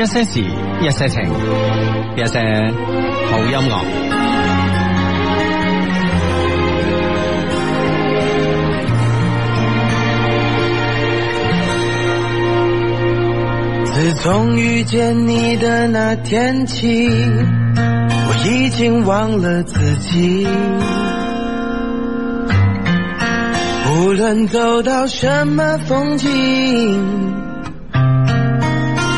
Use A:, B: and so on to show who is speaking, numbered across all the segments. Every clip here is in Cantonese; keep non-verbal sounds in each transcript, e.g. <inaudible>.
A: 一些事，一些情，一些好音樂。
B: 自從遇見你的那天起，我已經忘了自己，無論走到什麼風景。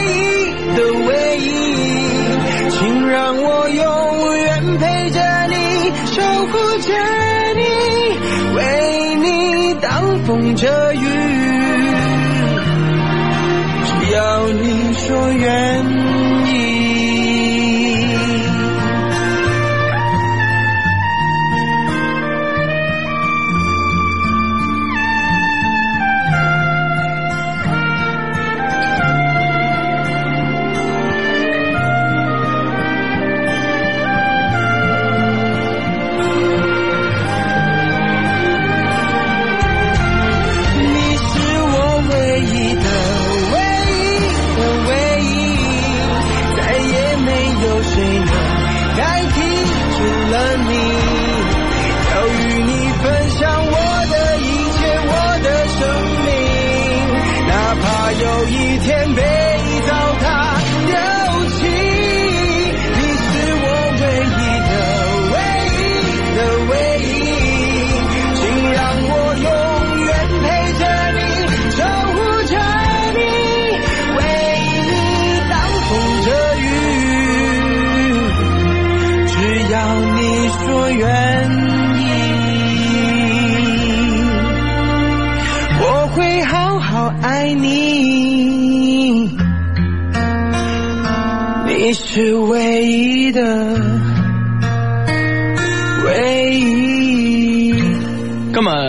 B: 唯一的唯一，請讓我永遠陪着你，守護着你，為你擋風遮雨。只要你說願意。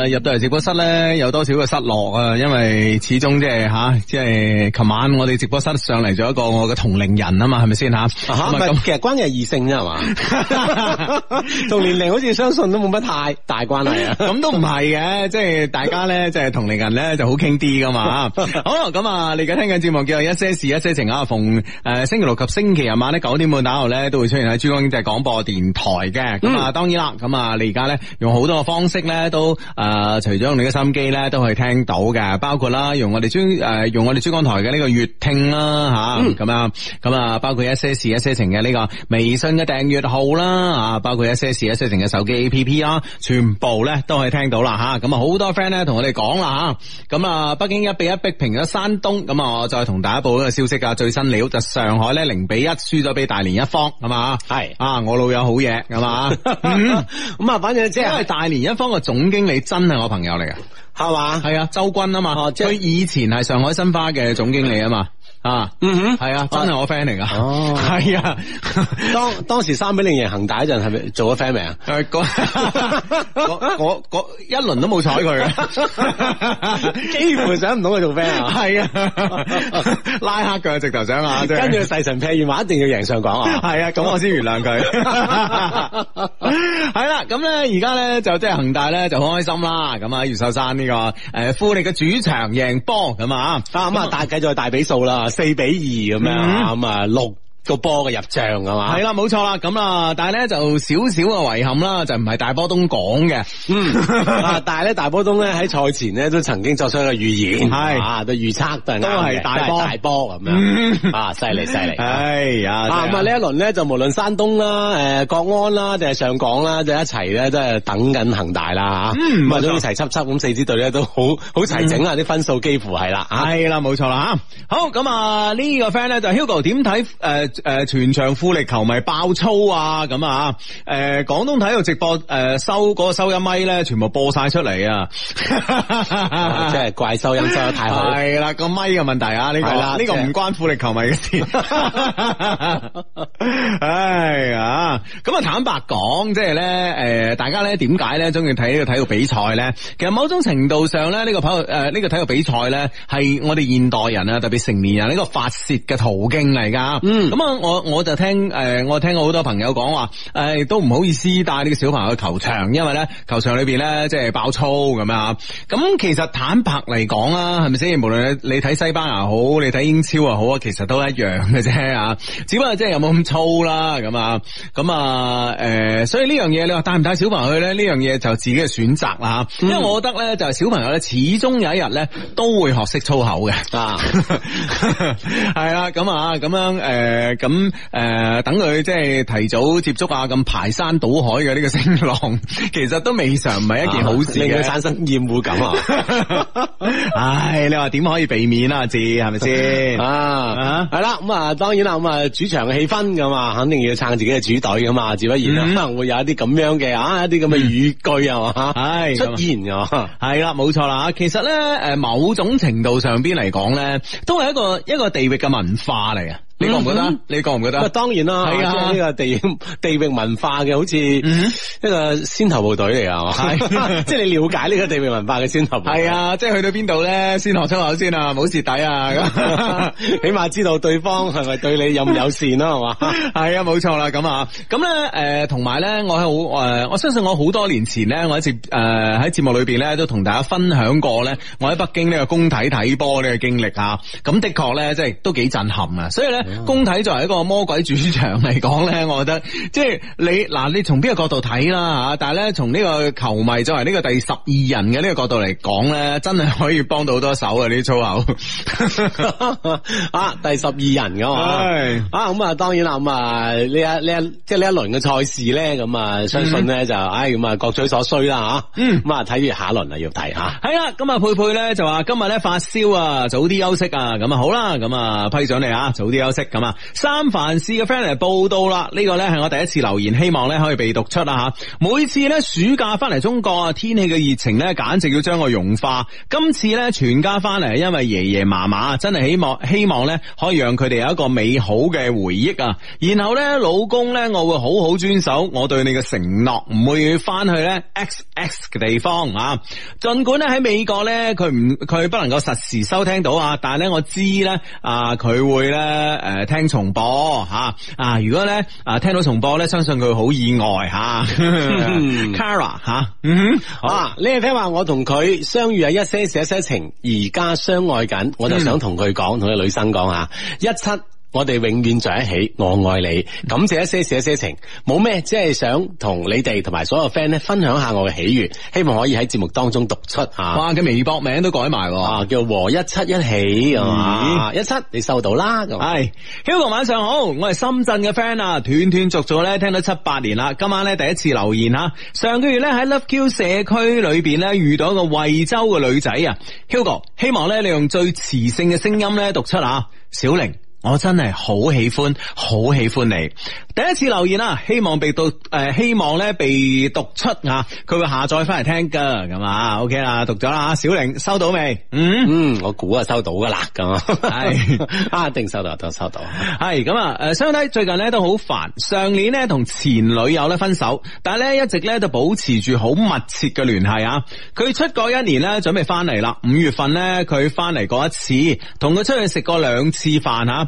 A: 入到嚟直播室咧，有多少嘅失落啊？因為始終即係吓，即係琴晚我哋直播室上嚟咗一個我嘅同齡人啊嘛，係咪先吓？唔係咁，其實關係異性啫，係 <laughs> 嘛
B: 是吧？同 <laughs>
A: 年齡好似相信都冇乜太大關係啊？咁都唔係嘅，即、就、係、是、大家咧，即、就、係、是、同齡人咧就好傾啲噶嘛。 <laughs> 好啦，咁啊，你而家聽緊節目叫做《一些事一些情》，啊逢誒星期六及星期日晚咧九點半打後咧，都會出現喺珠江經濟廣播電台嘅。咁啊、嗯，當然啦，咁啊，你而家咧用好多嘅方式咧都誒。呃啊！除咗用你嘅心機咧，都可以聽到嘅，包括啦，用我哋珠誒，用我哋珠江台嘅呢個粵聽啦，吓咁啊，咁啊，包括一些事一些情嘅呢個微信嘅訂閱號啦，啊，包括一些事一些情嘅手機 A P P、啊、啦，全部咧都可以聽到啦，吓咁啊，好多 friend 咧同我哋講啦，吓咁啊，北京一比一逼平咗山東，咁啊，我再同大家報呢個消息噶最新料，就是、上海咧零比一輸咗俾大連一方，係嘛，係啊，我老友好嘢，係嘛，咁 <laughs> 啊、 <laughs> 嗯，反正即係因為大連一方嘅總經理真真係我朋友嚟噶，係嘛？係啊，周軍啊嘛，佢以前係上海申花嘅總經理啊嘛。啊，嗯哼，係啊，真係我 friend 嚟噶，係啊， <laughs> 當當時三比零贏恆大嗰陣，係咪做咗 friend 未啊？誒， <laughs> 我，我，一輪都冇睬佢，啊，幾乎想唔到佢做 friend 啊，係啊，拉黑佢直頭想啊，跟住細神撇完話，一定要贏上港啊，係啊，咁我先原諒佢，係啦，咁咧而家咧就即係恆大咧就好開心啦，咁啊，余秀山呢個誒，富力嘅主場贏波咁啊，咁啊大計就大比數啦。四比二咁樣咁啊六。個波嘅入賬啊嘛？係啦，冇錯啦，咁啦，但係咧就少少嘅遺憾啦，就唔係大波東講嘅，嗯， <laughs> 但係咧大波東咧喺賽前呢都曾經作出一個預言，係啊，對預測都係大波大波咁樣，啊，犀利犀利，係、就是、 <laughs> 啊，咁、 <laughs> 哎、啊，、就是、啊一輪呢一輪呢就無論山東啦、誒、呃、國安啦定係上港啦，就一齊咧，都係等緊恒大啦吓，咁啊總之一齊執執咁四支隊咧都好好齊整、嗯、啊，啲分數幾乎係啦，係啦，冇錯啦，好咁啊呢個 friend 咧就是、Hugo 點睇誒？呃誒，全場富力球迷爆粗啊，咁、呃、啊，誒，廣東體育直播誒、呃、收嗰、嗰個收音咪咧，全部播晒出嚟啊， <laughs> 即係怪收音收得太好， <laughs> 係啦，個咪嘅問題啊，呢、呢個啦，呢、呢個唔關富力球迷嘅事、 <laughs> <laughs> <laughs> 哎，唉啊，咁啊，坦白講，即係咧，誒，大家咧點解咧中意睇呢，呢個體育比賽咧？其實某種程度上咧，呢個體育誒呢個體育比賽咧，係我哋現代人啊，特別成年人呢、呢個發洩嘅途徑嚟噶，嗯，咁。我我就聽誒、呃，我聽過好多朋友講話，誒、呃、都唔好意思帶呢個小朋友去球場，因為咧球場裏邊咧即係爆粗咁樣。咁其實坦白嚟講啦，係咪先？無論你睇西班牙好，你睇英超又好，其實都一樣嘅啫啊。只不過即係有冇咁粗啦，咁啊咁啊誒。所以呢樣嘢你話帶唔帶小朋友去咧？呢樣嘢就自己嘅選擇啦、嗯。因為我覺得咧，就係、是、小朋友咧，始終有一日咧都會學識粗口嘅。係啦，咁啊，咁 <laughs> 樣誒。咁誒、呃，等佢即係提早接觸啊，咁排山倒海嘅呢個聲浪，其實都未嘗唔係一件好事嘅，產、啊、生厭惡感啊。唉、 <laughs> 哎，你話點可以避免啊？字係咪先啊？係、啊、啦，咁啊，當然啦，咁啊，主場嘅氣氛咁啊，肯定要撐自己嘅主隊噶嘛，自不然、嗯、可能會有一啲咁樣嘅啊，一啲咁嘅語句啊，吓、嗯、唉出現啊，係、嗯、啦，冇錯啦。其實咧，誒，某種程度上邊嚟講咧，都係一個一個地域嘅文化嚟啊。你覺唔、mm -hmm. 覺得？你覺唔覺得？當然啦，係啊，呢、啊這個地地域文化嘅，好似一個先頭部隊嚟，、mm -hmm. 啊係， <laughs> 即係你了解呢個地域文化嘅先頭部隊。係 <laughs> 啊，即係去到邊度咧，先學出口先啊，冇蝕底啊， <laughs> <laughs> 起碼知道對方係咪對你有唔友善啦，係嘛，係啊，冇錯啦，咁啊，咁咧，誒、啊，同埋咧，我喺好誒，我相信我好多年前咧，我一直誒喺節目裏邊咧，都同大家分享過咧，我喺北京呢個工體睇波呢個經歷啊，咁的確咧，即係都幾震撼啊，所以咧。Mm -hmm. 工體作為一個魔鬼主場嚟講咧，我覺得即係你嗱，你從邊個角度睇啦吓？但係咧，從呢個球迷作為呢個第十二人嘅呢個角度嚟講咧，真係可以幫到好多手啊！呢啲粗口 <laughs> 啊，第十二人噶嘛？係啊，咁啊，當然啦，咁啊，呢、就是、一呢一即係呢一輪嘅賽事咧，咁啊，相信咧就唉，咁、嗯、啊、哎，各取所需啦吓。咁、嗯、啊，睇住下一輪啊，要睇吓。係啦，咁啊，佩佩咧就話今日咧發燒啊，早啲休息啊。咁啊，好啦，咁啊批准你啊，早啲休息。咁啊，三藩市嘅 friend 嚟報到啦，呢、呢個呢係我第一次留言，希望呢可以被讀出啦吓。每次呢暑假翻嚟中國啊，天氣嘅熱情呢簡直要將我融化。今次呢全家翻嚟，因為爺爺嫲嫲真係希望，希望呢可以讓佢哋有一個美好嘅回憶啊。然後呢老公呢，我會好好遵守我對你嘅承諾，唔會翻去呢 X X 嘅地方啊。盡管呢喺美國呢，佢唔佢不能夠實時收聽到啊，但係呢，我知呢啊佢會呢。誒，聽重播吓啊！如果咧啊聽到重播咧，相信佢好意外吓。Kara 吓，好啊！你聽話，我同佢相遇係一些事一些情，而家相愛緊，我就想同佢講，同 <laughs> 啲女生講吓，一七。我哋永遠在一起，我愛你。感謝一些事，一些情，冇咩，即係想同你哋同埋所有 friend 咧分享下我嘅喜悅。希望可以喺節目當中讀出吓啊。哇，嘅微博名都改埋，啊，叫和一七一起，啊，一七，你收到啦咁。係，嗯哎，Hugo 晚上好，我係深圳嘅 friend 啊，斷斷續續咧聽到七八年啦，今晚咧第一次留言吓。上個月咧喺 LoveQ 社區裏邊咧遇到一個惠州嘅女仔啊，Hugo，希望咧你用最磁性嘅聲音咧讀出吓，小玲。我真係好喜歡，好喜歡你。第一次留言啦，希望被讀誒、呃，希望咧被讀出啊，佢會下載翻嚟聽噶。咁啊，OK 啦，讀咗啦，小玲收到未？嗯嗯，我估啊收到噶啦。咁係啊，一定收到，都收到。係咁啊，誒，小、呃、弟最近咧都好煩。上年咧同前女友咧分手，但係咧一直咧就保持住好密切嘅聯繫啊。佢出過一年咧，準備翻嚟啦。五月份咧佢翻嚟過一次，同佢出去食過兩次飯吓。啊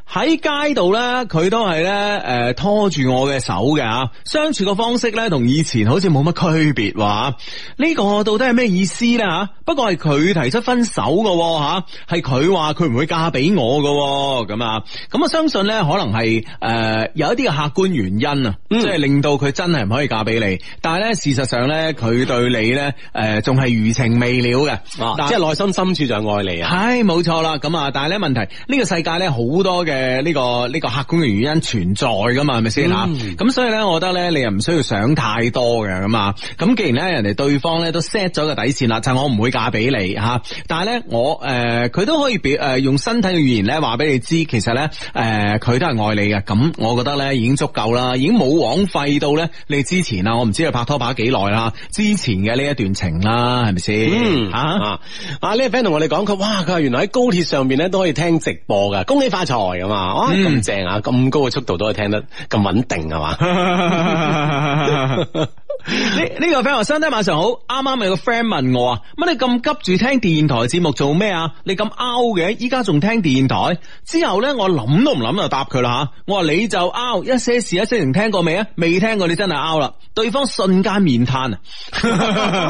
A: 喺街度咧，佢都係咧，誒，拖住我嘅手嘅吓，相處嘅方式咧，同以前好似冇乜區別話，呢、這個到底係咩意思咧吓？不過係佢提出分手嘅吓，係佢話佢唔會嫁俾我嘅咁啊，咁啊，我相信咧可能係誒、呃、有一啲嘅客觀原因啊，即、嗯、係、就是、令到佢真係唔可以嫁俾你，但係咧事實上咧，佢對你咧，誒，仲係餘情未了嘅、哦，即係內心深處就愛你啊，係冇錯啦，咁啊，但係咧問題呢、這個世界咧好多嘅。誒、這個，呢個呢個客觀嘅原因存在噶嘛？係咪先吓？咁、嗯、所以咧，我覺得咧，你又唔需要想太多嘅咁啊。咁既然咧，人哋對方咧都 set 咗個底線啦，就係我唔會嫁俾你吓。但係咧，我誒佢都可以表誒用身體嘅語言咧話俾你知，其實咧誒佢都係愛你嘅。咁我覺得咧已經足夠啦，已經冇枉費到咧你之前啦。我唔知你拍拖拍咗幾耐啦，之前嘅呢一段情啦，係咪先？嗯吓啊！呢個 friend 同我哋講佢哇，佢話原來喺高鐵上面咧都可以聽直播噶，恭喜發財！咁、哦、啊，哇，咁正啊！咁高嘅速度都係聽得咁穩定，係嘛？ <laughs> <laughs> 呢呢、這個 friend 話：雙得晚上好，啱啱有個 friend 問我啊，乜你咁急住聽電台節目做咩啊？你咁 out 嘅，依家仲聽電台？之後咧，我諗都唔諗就答佢啦吓。我話你就 out，一些事一些情聽過未啊？未聽過你真係 out 啦。對方瞬間面癱啊，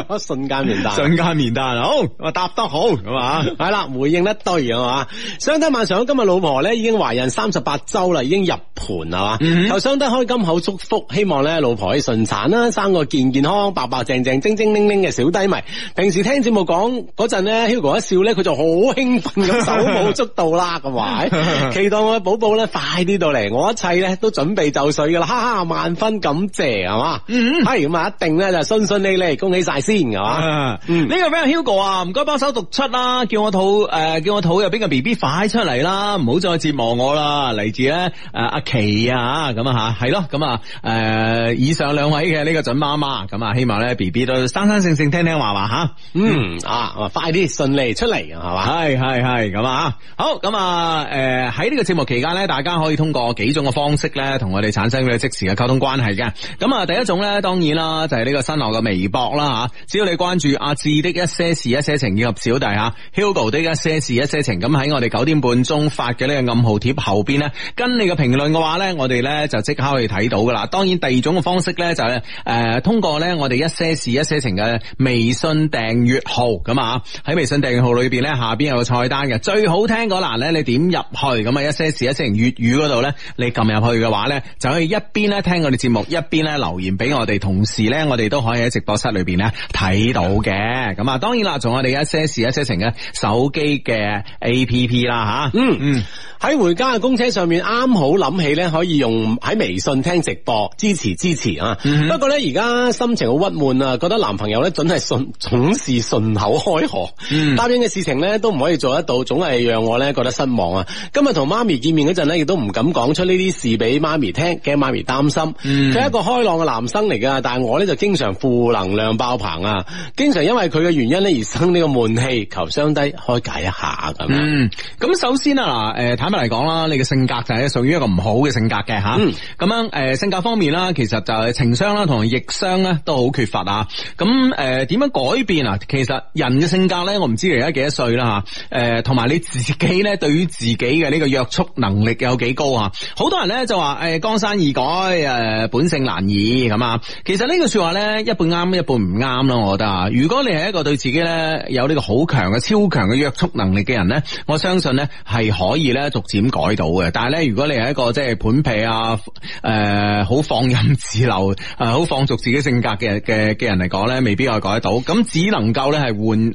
A: <laughs> 瞬間面癱， <laughs> 瞬間面癱。好，我答得好係嘛？係啦，回應得堆係啊。雙得晚上好， <laughs> 今日老婆咧已經懷孕三十八周啦，已經入盆啊嘛。由雙得開金口祝福，希望咧老婆可以順產啦，生個。健健康康、白白淨淨、精精靈靈嘅小低迷。平時聽節目講嗰陣咧，Hugo 一笑咧，佢就好興奮咁手舞足蹈啦。咁話，期待我嘅寶寶咧快啲到嚟，我一切咧都準備就緒噶啦。哈哈，萬分感謝，係嘛？嗯，係咁啊，一定咧就順順利利，恭喜晒先，係嘛？呢個俾阿 Hugo 啊，唔該，幫手讀出啦，叫我肚誒，叫我肚入邊嘅 B B 快出嚟啦，唔好再折磨我啦。嚟自咧誒阿琪啊，咁啊吓，係咯，咁啊誒以上兩位嘅呢個準媽。阿媽咁啊，希望咧 B B 都生生性性聽聽話話吓，嗯啊，快啲順利出嚟係嘛？係係係咁啊，好咁啊，誒喺呢個節目期間咧，大家可以通過幾種嘅方式咧，同我哋產生嘅即時嘅溝通關係嘅。咁啊，第一種咧，當然啦，就係呢個新浪嘅微博啦吓，只要你關注阿志的一些事一些情以及小弟吓，Hugo 的一些事一些情，咁喺我哋九點半鐘發嘅呢個暗號貼後邊呢，跟你嘅評論嘅話咧，我哋咧就即刻可以睇到噶啦。當然，第二種嘅方式咧就係、是、誒。呃通過咧，我哋一些事一些情嘅微信訂閱號咁啊，喺微信訂閱號裏邊咧，下邊有個菜單嘅最好聽嗰欄咧，你點入去咁啊，一些事一些情粵語嗰度咧，你撳入去嘅話咧，就可以一邊咧聽我哋節目，一邊咧留言俾我哋同時，咧，我哋都可以喺直播室裏邊咧睇到嘅。咁啊，當然啦，仲有我哋一些事一些情嘅手機嘅 A P P 啦，吓，嗯嗯，喺回家嘅公車上面，啱好諗起咧，可以用喺微信聽直播，支持支持啊、嗯。不過咧，而家。心情好鬱悶啊，覺得男朋友咧，準係順總是順口開河，答應嘅事情咧都唔可以做得到，總係讓我咧覺得失望啊。今日同媽咪見面嗰陣咧，亦都唔敢講出呢啲事俾媽咪聽，驚媽咪擔心。佢、嗯、係一個開朗嘅男生嚟噶，但係我咧就經常負能量爆棚啊，經常因為佢嘅原因咧而生呢個悶氣，求相低開解一下咁樣。嗯，咁首先啊，嗱，誒坦白嚟講啦，你嘅性格就係屬於一個唔好嘅性格嘅吓。嗯，咁樣誒、呃，性格方面啦，其實就係情商啦，同逆。商咧都好缺乏啊！咁誒，呃，點樣改變啊？其實人嘅性格咧，我唔知你而家幾多歲啦吓，誒、呃，同埋你自己咧，對於自己嘅呢個約束能力有幾高啊？好多人咧就話誒、呃，江山易改，誒、呃，本性難移咁啊！其實呢句說話咧，一半啱，一半唔啱咯，我覺得啊，如果你係一個對自己咧有呢個好強嘅超強嘅約束能力嘅人咧，我相信咧係可以咧逐漸改到嘅。但係咧，如果你係一個即係本皮啊，誒、呃，好放任自流，誒，好放逐自。自己性格嘅嘅嘅人嚟講咧，未必可以改得到，咁只能夠咧係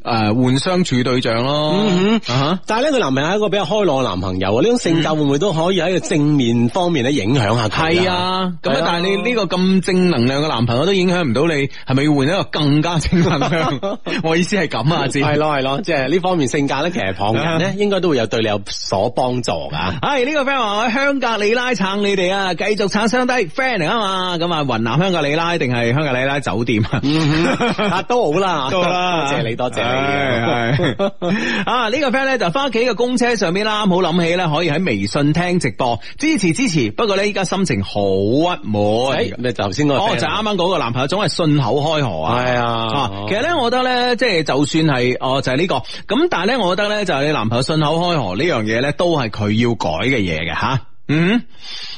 A: 換誒換相處對象咯。嗯嗯 uh -huh. 但係呢佢男朋友係一個比較開朗嘅男朋友啊，呢、嗯、種性格會唔會都可以喺個正面方面咧影響下佢？係啊，咁、啊、但係你呢個咁正能量嘅男朋友都影響唔到你，係咪要換一個更加正能量？ <laughs> 我意思係咁 <laughs> 啊，只係咯係咯，即係呢方面性格咧，其實旁人咧應該都會有對你有所幫助噶。係、uh、呢 -huh. 個 friend 話喺香格里拉撐你哋啊，繼續撐相低 friend <laughs> 啊嘛，咁啊雲南香格里拉定係？香格里拉酒店啊、嗯， <laughs> 都好啦，多啦，多謝你，多謝你。哎、 <laughs> 是 <laughs> 啊，這個、fan 呢個 friend 咧就翻屋企嘅公車上面啦，冇諗起咧可以喺微信聽直播，支持支持。不過咧依家心情好鬱悶。你頭先哦就啱啱嗰個男朋友總係信口開河啊。係啊，啊，其實咧我覺得咧，即係就算係哦就係、是、呢、這個，咁但係咧我覺得咧就係、是、你男朋友信口開河呢樣嘢咧，都係佢要改嘅嘢嘅吓。啊嗯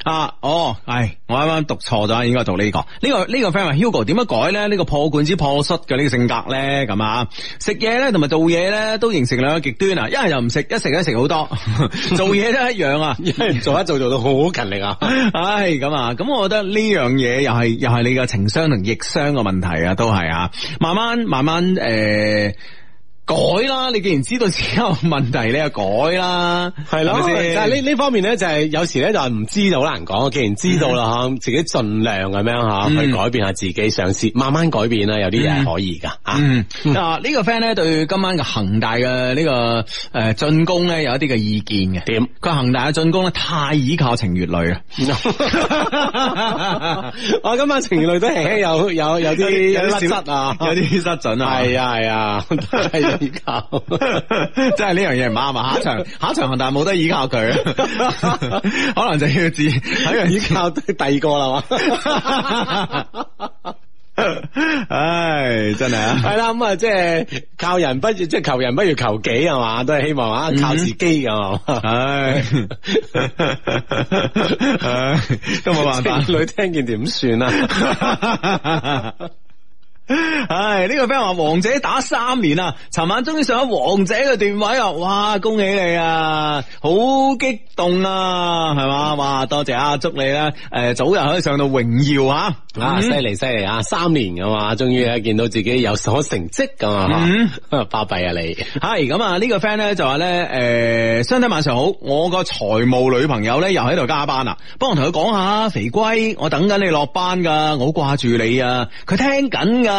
A: 啊哦，係我啱啱讀錯咗，應該讀呢個呢個呢個 friend Hugo 點樣改咧？呢個破罐子破摔嘅呢個性格咧咁啊，食嘢咧同埋做嘢咧都形成兩個極端啊！一係又唔食，一食一食好多， <laughs> 做嘢都一樣啊， <laughs> 做一做做到好勤力啊！唉，咁啊，咁我覺得呢樣嘢又係又係你嘅情商同逆商嘅問題啊，都係啊，慢慢慢慢誒。呃改啦！你既然知道自己有問題，你就改啦，係咪先？但係呢呢方面咧，就係有時咧就係唔知道好難講。既然知道啦，吓、嗯、自己盡量咁樣吓去改變一下自己，嘗試慢慢改變啦。有啲嘢可以噶吓。嗯嗯啊，呢、嗯、個 friend 咧對今晚嘅恒大嘅呢、這個誒進、呃、攻咧有一啲嘅意見嘅。點？佢恒大嘅進攻咧太依靠程月雷啊！ <laughs> <laughs> 我今晚程月類都係有有有啲有失，有有失啊，有啲失準啊。係啊係啊。依靠， <laughs> 真係呢樣嘢唔啱嘛。下一場，下一場行，但係冇得依靠佢， <laughs> 可能就要至睇 <laughs> 樣依靠 <laughs> 第二個啦嘛。唉、 <laughs> 哎，真係啊，係啦，咁啊，即、嗯、係、就是、靠人不如，即、就、係、是、求人不如求己，啊嘛，都係希望啊，靠自己啊，係、 <laughs> 哎，唉、哎，都冇辦法。女聽見點算啊？ <laughs> 唉，呢、這個 friend 話王者打三年啊，尋晚終於上咗王者嘅段位啊！哇，恭喜你啊，好激動啊，係嘛？哇，多謝啊，祝你啦誒、呃，早日可以上到榮耀啊！啊，犀利犀利啊，三年噶嘛，終於咧見到自己有所成績咁啊嘛，嗯，巴閉啊你。係咁啊，呢、這個 friend 咧就話咧，誒、呃，相體晚上好，我個財務女朋友咧又喺度加班啦，幫我同佢講下肥龜，我等緊你落班噶，我好掛住你啊，佢聽緊噶。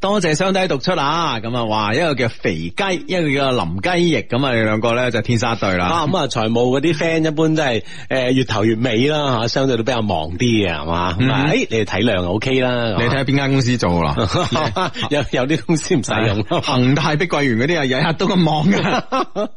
A: 多謝雙低讀出啊！咁啊，話，一個叫肥雞，一個叫林雞翼，咁啊，你兩個咧就天沙對啦。咁啊，財務嗰啲 friend 一般都係誒，月頭月尾啦吓，相對都比較忙啲嘅，係嘛。誒、嗯哎，你哋體諒 O K 啦。你睇下邊間公司做啦？ <laughs> 有有啲公司唔使用，恒 <laughs> 大碧桂園嗰啲啊，日日都咁忙嘅。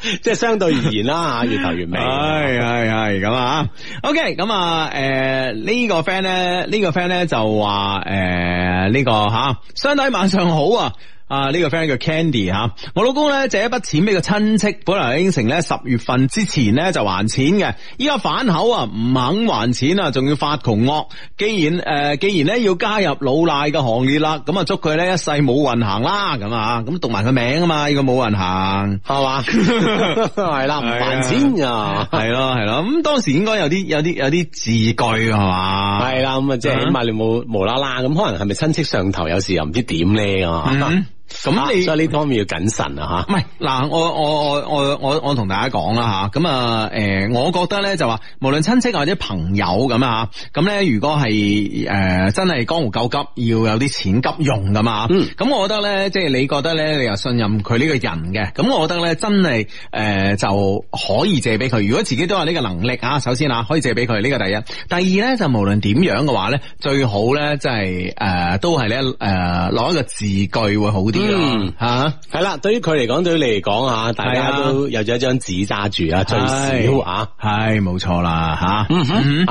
A: 即係相對而言啦，吓， <laughs> 越頭越尾。係係係咁啊，OK，咁、呃這個這個呃這個、啊，誒呢個 friend 咧，呢個 friend 咧就話，誒呢個吓，兄弟晚上好啊。啊，呢、這個 friend 叫 Candy 吓，我老公咧借一筆錢俾個親戚，本來應承咧十月份之前咧就還錢嘅，依家反口啊唔肯還錢啊，仲要發窮惡，既然誒、呃、既然咧要加入老賴嘅行列啦，咁啊祝佢咧一世冇運行啦，咁啊吓，咁讀埋個名啊嘛，呢個冇運行，係嘛？係啦，唔、這、還、個、 <laughs> 錢啊，係咯係咯，咁當時應該有啲有啲有啲字句係嘛？係啦、啊，咁啊即係起碼你冇無啦啦，咁可能係咪親戚上頭有時又唔知點咧啊？嗯咁、啊、你呢方面要謹慎啊吓，唔係嗱，我我我我我我同大家講啦吓，咁啊誒，我覺得咧就話，無論親戚或者朋友咁啊，咁咧如果係誒真係江湖救急，要有啲錢急用咁嘛，咁、嗯、我覺得咧，即係你覺得咧，你又信任佢呢個人嘅，咁我覺得咧真係誒就可以借俾佢。如果自己都有呢個能力啊，首先啊可以借俾佢呢個第一。第二咧就無論點樣嘅話咧，最好咧即係誒都係咧誒攞一個字據會好啲。嗯吓，係、啊、啦，對於佢嚟講，對於你嚟講吓，大家都有咗一張紙揸住啊，最少啊，係冇錯啦吓，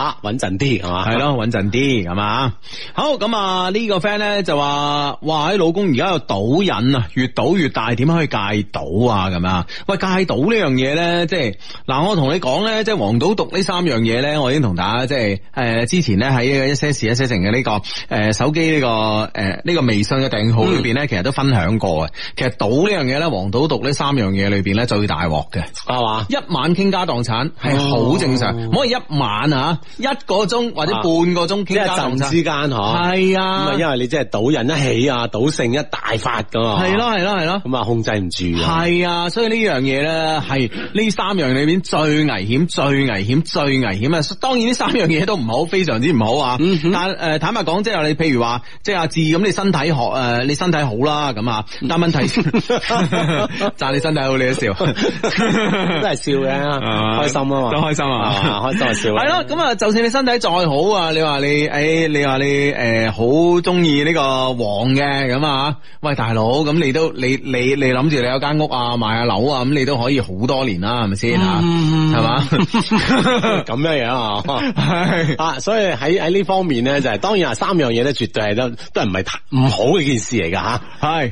A: 啊穩陣啲係嘛，係咯穩陣啲係嘛，好，咁啊呢個 friend 咧就話，哇喺老公而家有賭癮啊，越賭越大，點樣可以戒賭啊咁啊？這樣喂戒賭呢樣嘢咧，即係嗱我同你講咧，即係黃賭毒呢三樣嘢咧，我已經同大家即係誒、呃、之前咧喺一些事一些情嘅呢個誒、呃、手機呢、呢個誒呢、呃呢個微信嘅訂號裏邊咧、嗯，其實都分享。兩個嘅，其實賭呢樣嘢咧，黃賭毒呢三樣嘢裏邊咧最大鑊嘅，係嘛？一晚傾家蕩產係好、oh. 正常，唔可以一晚啊，一個鐘或者半個鐘傾家蕩產之間，嗬，係啊，咁啊，啊，因為你即係賭人一起啊，賭性一大發噶，係咯係咯係咯，咁啊，啊，啊控制唔住，係啊，所以呢樣嘢咧係呢三樣裏邊最危險、最危險、最危險啊！當然呢三樣嘢都唔好，非常之唔好啊、嗯。但誒坦白講，即係你譬如話，即係阿志咁，你身體學誒，你身體好啦咁。但問題，讚 <laughs> 你身體好，你都笑， <laughs> 真係笑嘅，啊，開心啊嘛，真開心啊，嗯，開心係笑。係咯，咁啊，就算你身體再好啊，你話你，誒、哎，你話你，誒、呃，好中意呢個黃嘅咁啊，喂，大佬，咁你都，你，你，你諗住你，你有間屋啊，賣下樓啊，咁你都可以好多年啦，係咪先啊？係嘛，咁 <laughs> 樣樣啊，啊，所以喺喺呢方面咧，就係、是、當然係三樣嘢咧，絕對係都都係唔係唔好嘅件事嚟噶吓，係。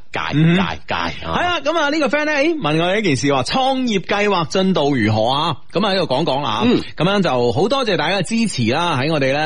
A: 介介介，係、嗯、啊！咁啊呢個 friend 咧，誒問我一件事話，創業計劃進度如何啊？咁啊喺度講講啦。咁、嗯、樣就好多謝大家嘅支持啦。喺我哋咧，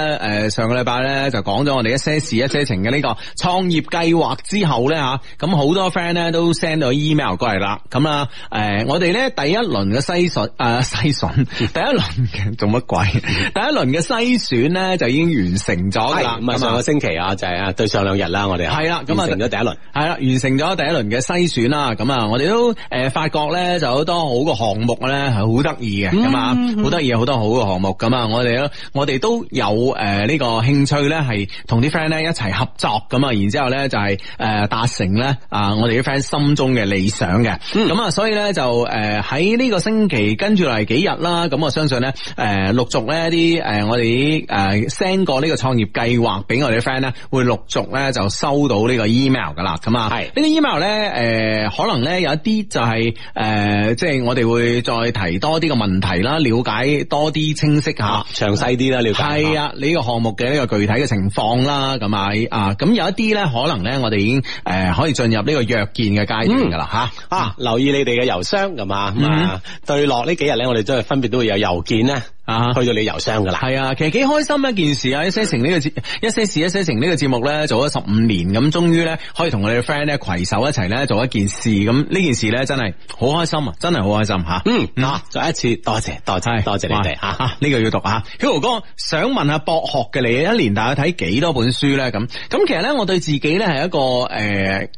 A: 誒上個禮拜咧就講咗我哋一些事一些情嘅呢個創業計劃之後咧吓，咁好多 friend 咧都 send 咗 email 過嚟啦。咁啊，誒我哋咧第一輪嘅篩選誒篩選第一輪嘅做乜鬼？第一輪嘅篩選咧就已經完成咗啦。唔係上個星期啊就係啊對上兩日啦，我哋係啦咁啊完成咗第一輪係啦完成。咗第一輪嘅篩選啦，咁啊，我哋都誒發覺咧就好多好嘅項目咧，係好得意嘅，咁、嗯、啊，好得意啊，好多好嘅項目咁啊、嗯，我哋我哋都有誒呢個興趣咧，係同啲 friend 咧一齊合作咁啊，然之後咧就係誒達成咧啊我哋啲 friend 心中嘅理想嘅，咁、嗯、啊，所以咧就誒喺呢個星期跟住落嚟幾日啦，咁我相信咧誒陸續咧啲誒我哋啲誒 send 過呢個創業計劃俾我哋啲 friend 咧，會陸續咧就收到呢個 email 噶啦，咁啊係。email 咧、呃，誒，可能咧有一啲就係、是、誒，即、呃、係、就是、我哋會再提多啲嘅問題啦，了解多啲清晰吓，詳細啲啦，了解係啊，你呢、這個項目嘅呢、這個具體嘅情況啦，咁、嗯、啊啊，咁有一啲咧可能咧，我哋已經誒、呃、可以進入呢個約見嘅階段噶啦吓啊，留意你哋嘅郵箱，係嘛，咁、嗯、啊，對落呢幾日咧，我哋都係分別都會有郵件咧。啊，去到你郵箱噶啦，係啊，其實幾開心的一件事啊，一些情呢個節，一些事一些情呢、這個節目咧做咗十五年，咁終於咧可以同我哋嘅 friend 咧攜手一齊咧做一件事，咁呢件事咧真係好開心啊，真係好開心吓，嗯，嗱、嗯，再一次多謝，多謝，多謝你哋吓，呢、啊啊這個要讀吓，小、啊、豪哥想問下博學嘅你，一年大概睇幾多本書咧？咁咁其實咧，我對自己咧係一個誒。呃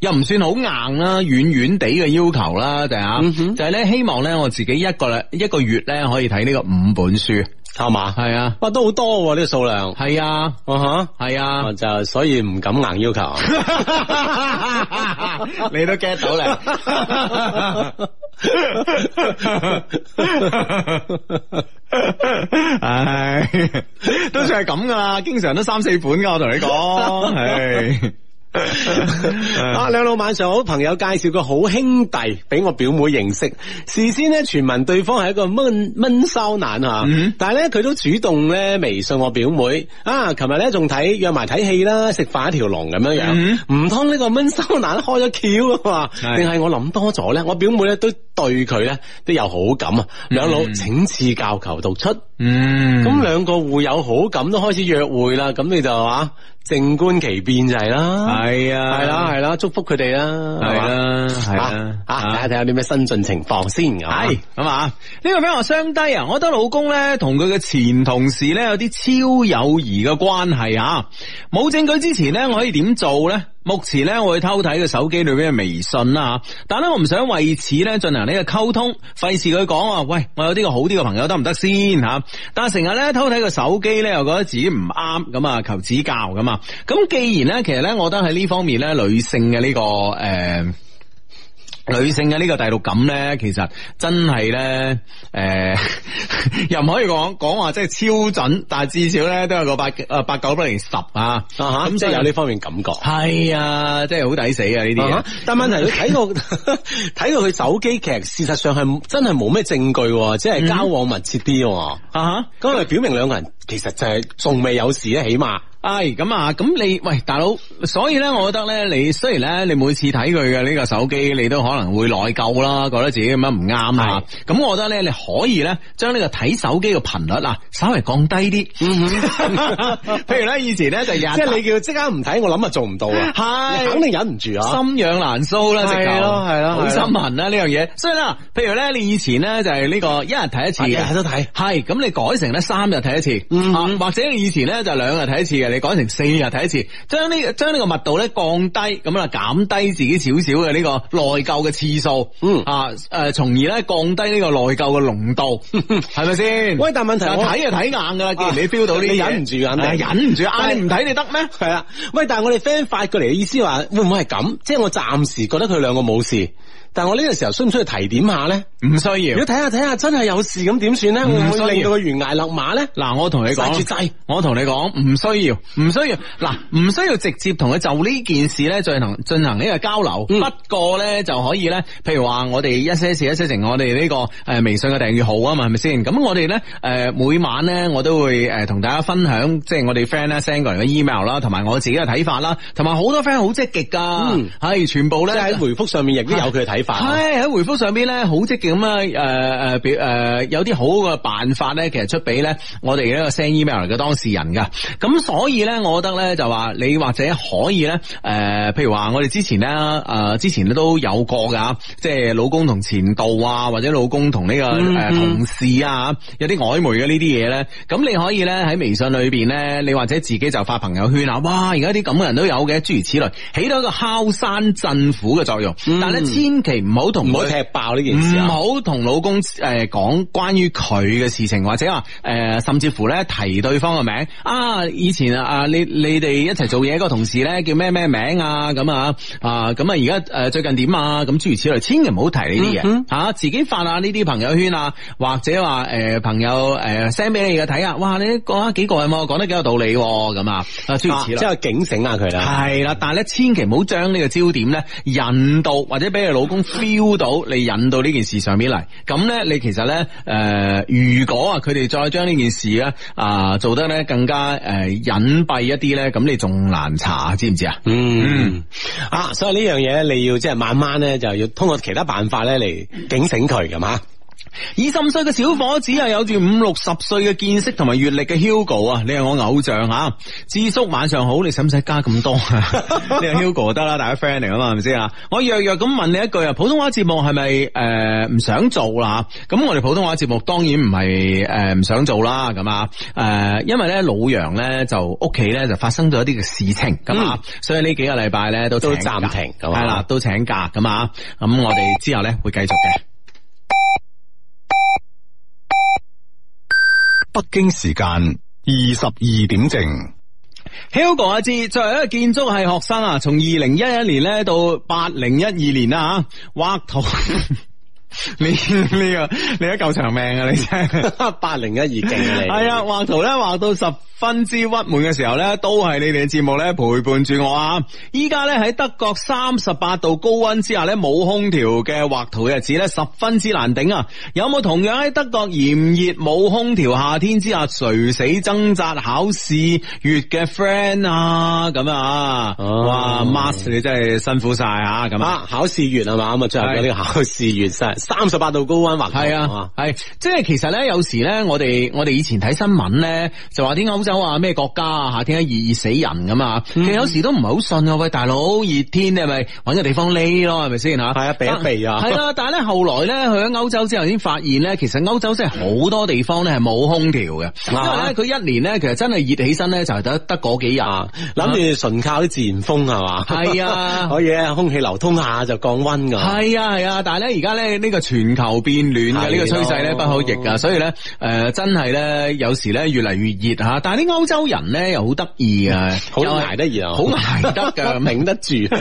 A: 又唔算好硬啦，軟軟地嘅要求啦，就係就係咧，希望咧我自己一個咧一個月咧可以睇呢個五本書，係嘛？係啊，哇，都好多呢、啊呢個數量，係啊，係、uh、係 -huh? 啊，我就所以唔敢硬要求，
B: <laughs> <laughs> 你都 get 到咧，
A: <laughs> 唉，都算係咁噶啦，經常都三四本噶，我同你講，係。
B: <laughs> 啊！
A: 兩老晚上好，朋友介紹個好兄弟俾我表妹認識，事先呢，傳聞對方係一個蚊蚊騷男、嗯、但係咧佢都主動咧微信我表妹啊，琴日咧仲睇約埋睇戲啦，食飯一條龍咁樣樣，唔通呢個蚊騷男開咗竅啊？定係我諗多咗咧？我表妹咧都對佢咧都有好感啊！兩、嗯、老請賜教求獨出，咁、嗯、兩個互有好感都開始約會啦，咁你就話、啊？靜觀其變就係啦，係啊，係啦、啊，係啦、啊，祝福佢哋啦，係啦，係啊，啊，啊，睇下睇下啲咩新進情況先。係、啊，啊，好嘛、啊？呢位 friend 話雙低啊，我覺得老公咧同佢嘅前同事咧有啲超友誼嘅關係啊，冇證據之前咧，我可以點做咧？目前咧，我會偷睇個手機裏邊嘅微信啊。但係咧，我唔想為此咧進行呢個溝通，費事佢講啊，喂，我有呢個好啲嘅朋友得唔得先吓？但係成日咧偷睇個手機咧，又覺得自己唔啱，咁啊求指教噶嘛？咁既然咧，其實咧，我覺得喺呢方面咧，女性嘅呢、這個誒。呃女性嘅呢個第六感咧，其實真係咧，誒、欸，又唔可以講講話即係超準，但係至少咧都有個八啊八九不離十啊，咁即係有呢方面感覺。係啊，即係好抵死啊呢啲，uh -huh, 但係問題你睇過睇到佢手機劇，實事實上係真係冇咩證據，即係交往密切啲啊嗰咁嚟表明兩個人。其實就係仲未有事咧，起碼係咁啊！咁、哎、你喂，大佬，所以咧，我覺得咧，你雖然咧，你每次睇佢嘅呢個手機，你都可能會內疚啦，覺得自己咁樣唔啱啊！咁我覺得咧，你可以咧，將呢個睇手機嘅頻率啊，稍微降低啲。譬 <laughs> <laughs> 如咧，以前咧就日即係你叫佢即刻唔睇，我諗啊做唔到啊，係肯定忍唔住啊，心癢難搔啦，直頭係咯，好心痕啦呢樣嘢。所以啦，譬如咧，你以前咧就係呢、這個一日睇一次，日日都睇，係咁你改成咧三日睇一次。嗯啊、或者你以前咧就兩日睇一次嘅，你講成四日睇一次，將呢將呢個密度咧降低，咁啊減低自己少少嘅呢個內疚嘅次數。嗯，啊，誒、呃，從而咧降低呢個內疚嘅濃度，係咪先？喂，但係問題睇就睇硬噶啦，既然你 feel 到呢嘢，啊、你忍唔住忍你啊，忍唔住嗌？你唔睇你得咩？係 <laughs> 啊，喂，但係我哋 friend 發過嚟嘅意思話，會唔會係咁？即係我暫時覺得佢兩個冇事。但我呢個時候需唔需要提點下咧？唔需要。要睇下睇下真係有事咁點算咧？唔會令到佢懸崖勒馬咧？嗱，我同你講，我同你講，唔需要，唔需要。嗱，唔需要直接同佢就呢件事咧，進行進行呢個交流。嗯、不過咧，就可以咧，譬如話我哋一些事一些情，我哋呢個誒微信嘅訂閱號啊嘛，係咪先？咁我哋咧誒每晚咧，我都會誒同大家分享，即、就、係、是、我哋 friend 咧 send 過嚟嘅 email 啦，同埋我自己嘅睇法啦，同埋好多 friend 好積極噶，係、嗯、全部咧喺、就是、回覆上面亦都有佢嘅睇。係喺回覆上邊咧，呃呃呃、好積極咁啊！誒誒，表誒有啲好嘅辦法咧，其實出俾咧我哋一個 send email 嘅當事人噶。咁所以咧，我覺得咧就話你或者可以咧，誒、呃，譬如話我哋之前咧，誒、呃，之前咧都有過噶，即係老公同前度啊，或者老公同呢個誒、mm -hmm. 同事啊，有啲曖昧嘅呢啲嘢咧。咁你可以咧喺微信裏邊咧，你或者自己就發朋友圈啊，哇！而家啲咁嘅人都有嘅，諸如此類，起到一個敲山震虎嘅作用。Mm -hmm. 但係千祈。唔好同唔好踢爆呢件事、啊，唔好同老公誒講、呃、關於佢嘅事情，或者話誒、呃、甚至乎咧提對方嘅名啊，以前啊啊你你哋一齊做嘢個同事咧叫咩咩名啊咁啊啊咁啊而家誒最近點啊咁諸如此類，千祈唔好提呢啲嘢吓，自己發下呢啲朋友圈啊，或者話誒、呃、朋友誒 send 俾你嘅睇啊，哇你講下幾個係冇，講得幾有道理咁啊啊諸如此類，啊啊、即係警醒下佢啦，係啦，但係咧千祈唔好將呢個焦點咧引導或者俾你老公。feel 到你引到呢件事上面嚟，咁咧你其實咧，誒，如果啊佢哋再將呢件事咧啊做得咧更加誒隱蔽一啲咧，咁你仲難查，知唔知啊、嗯？嗯，啊，所以呢樣嘢咧，你要即係慢慢咧，就要通過其他辦法咧嚟警醒佢，係、嗯、嘛？二十歲嘅小伙子啊，有住五六十歲嘅見識同埋閱歷嘅 Hugo 啊，你係我偶像吓，智叔晚上好，你使唔使加咁多？ <laughs> 你係 Hugo 得啦，大家 friend 嚟啊嘛，係咪先啊？我弱弱咁問你一句啊，普通話節目係咪誒唔想做啦？咁我哋普通話節目當然唔係誒唔想做啦，咁啊誒，因為咧老楊咧就屋企咧就發生咗一啲嘅事情咁啊、嗯，所以呢幾個禮拜咧都都暫停，係啦，都請假咁啊，咁我哋之後咧會繼續嘅。北京時間二十二點正，香港阿志，作為一個建築系學生啊，從二零一一年咧到八零一二年啊，畫圖。你呢、這個你一舊長命啊！你真八零一二敬你係啊！畫圖咧畫到十分之鬱悶嘅時候咧，都係你哋嘅節目咧陪伴住我啊！依家咧喺德國三十八度高溫之下咧冇空調嘅畫圖日子咧，十分之難頂啊！有冇同樣喺德國炎熱冇空調夏天之下垂死掙扎考試月嘅 friend 啊？咁啊，哦、哇，Mark 你真係辛苦晒啊！咁啊，考試月係嘛咁啊，最後嗰啲考試月真係～三十八度高温，係啊，係，即係其實咧，有時咧，我哋我哋以前睇新聞咧，就話啲歐洲話咩國家啊，夏天熱熱死人咁啊、嗯，其實有時都唔係好信啊，喂，大佬，熱天你咪揾個地方匿咯，係咪先吓？係啊，避一避啊。係啊，但係咧後來咧去咗歐洲之後，先發現咧，其實歐洲即係好多地方咧係冇空調嘅，因為咧佢一年咧其實真係熱起身咧就係得得嗰幾日，諗住純靠啲自然風係嘛，係啊,啊,啊，可以啊，空氣流通下就降温噶，係啊係啊，但係咧而家咧呢。全球變暖嘅呢、這個趨勢咧不可逆啊，所以咧誒、呃、真係咧有時咧越嚟越熱吓，但係啲歐洲人咧又好得意啊，好捱得熱，好、嗯、捱得噶， <laughs> 頂得住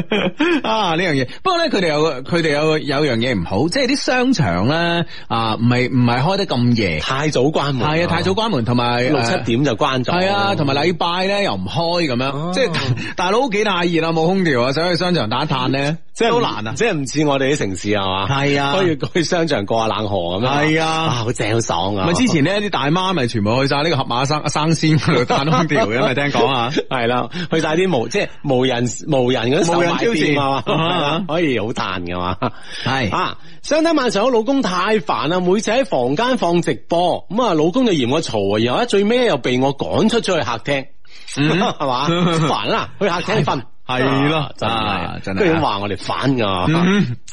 A: <laughs> 啊呢樣嘢。不過咧佢哋有佢哋有有樣嘢唔好，即係啲商場咧啊唔係唔係開得咁夜，太早關門，係啊太早關門，同埋六七點就關咗，係啊，同埋禮拜咧又唔開咁樣，哦、即係大佬幾太熱啦，冇空調啊，想去商場打探咧，即係好難啊，嗯、即係唔似我哋啲城市係嘛，是吧可以去商場過下冷河咁樣！係啊，好正好爽啊！之前呢啲大媽咪全部去晒呢個盒馬生生鮮嗰度嘆空調嘅咪聽講啊！係啦，去晒啲無即係無人無人嗰啲售賣店可以好嘆
B: 嘅嘛係啊！
A: 相睇晚上我老公太煩啦，每次喺房間放直播，咁啊老公就嫌我嘈，啊。然後咧最尾又被我趕出出去客廳，係嘛煩啦，去客廳瞓。係咯，真係都係咁話我哋反噶，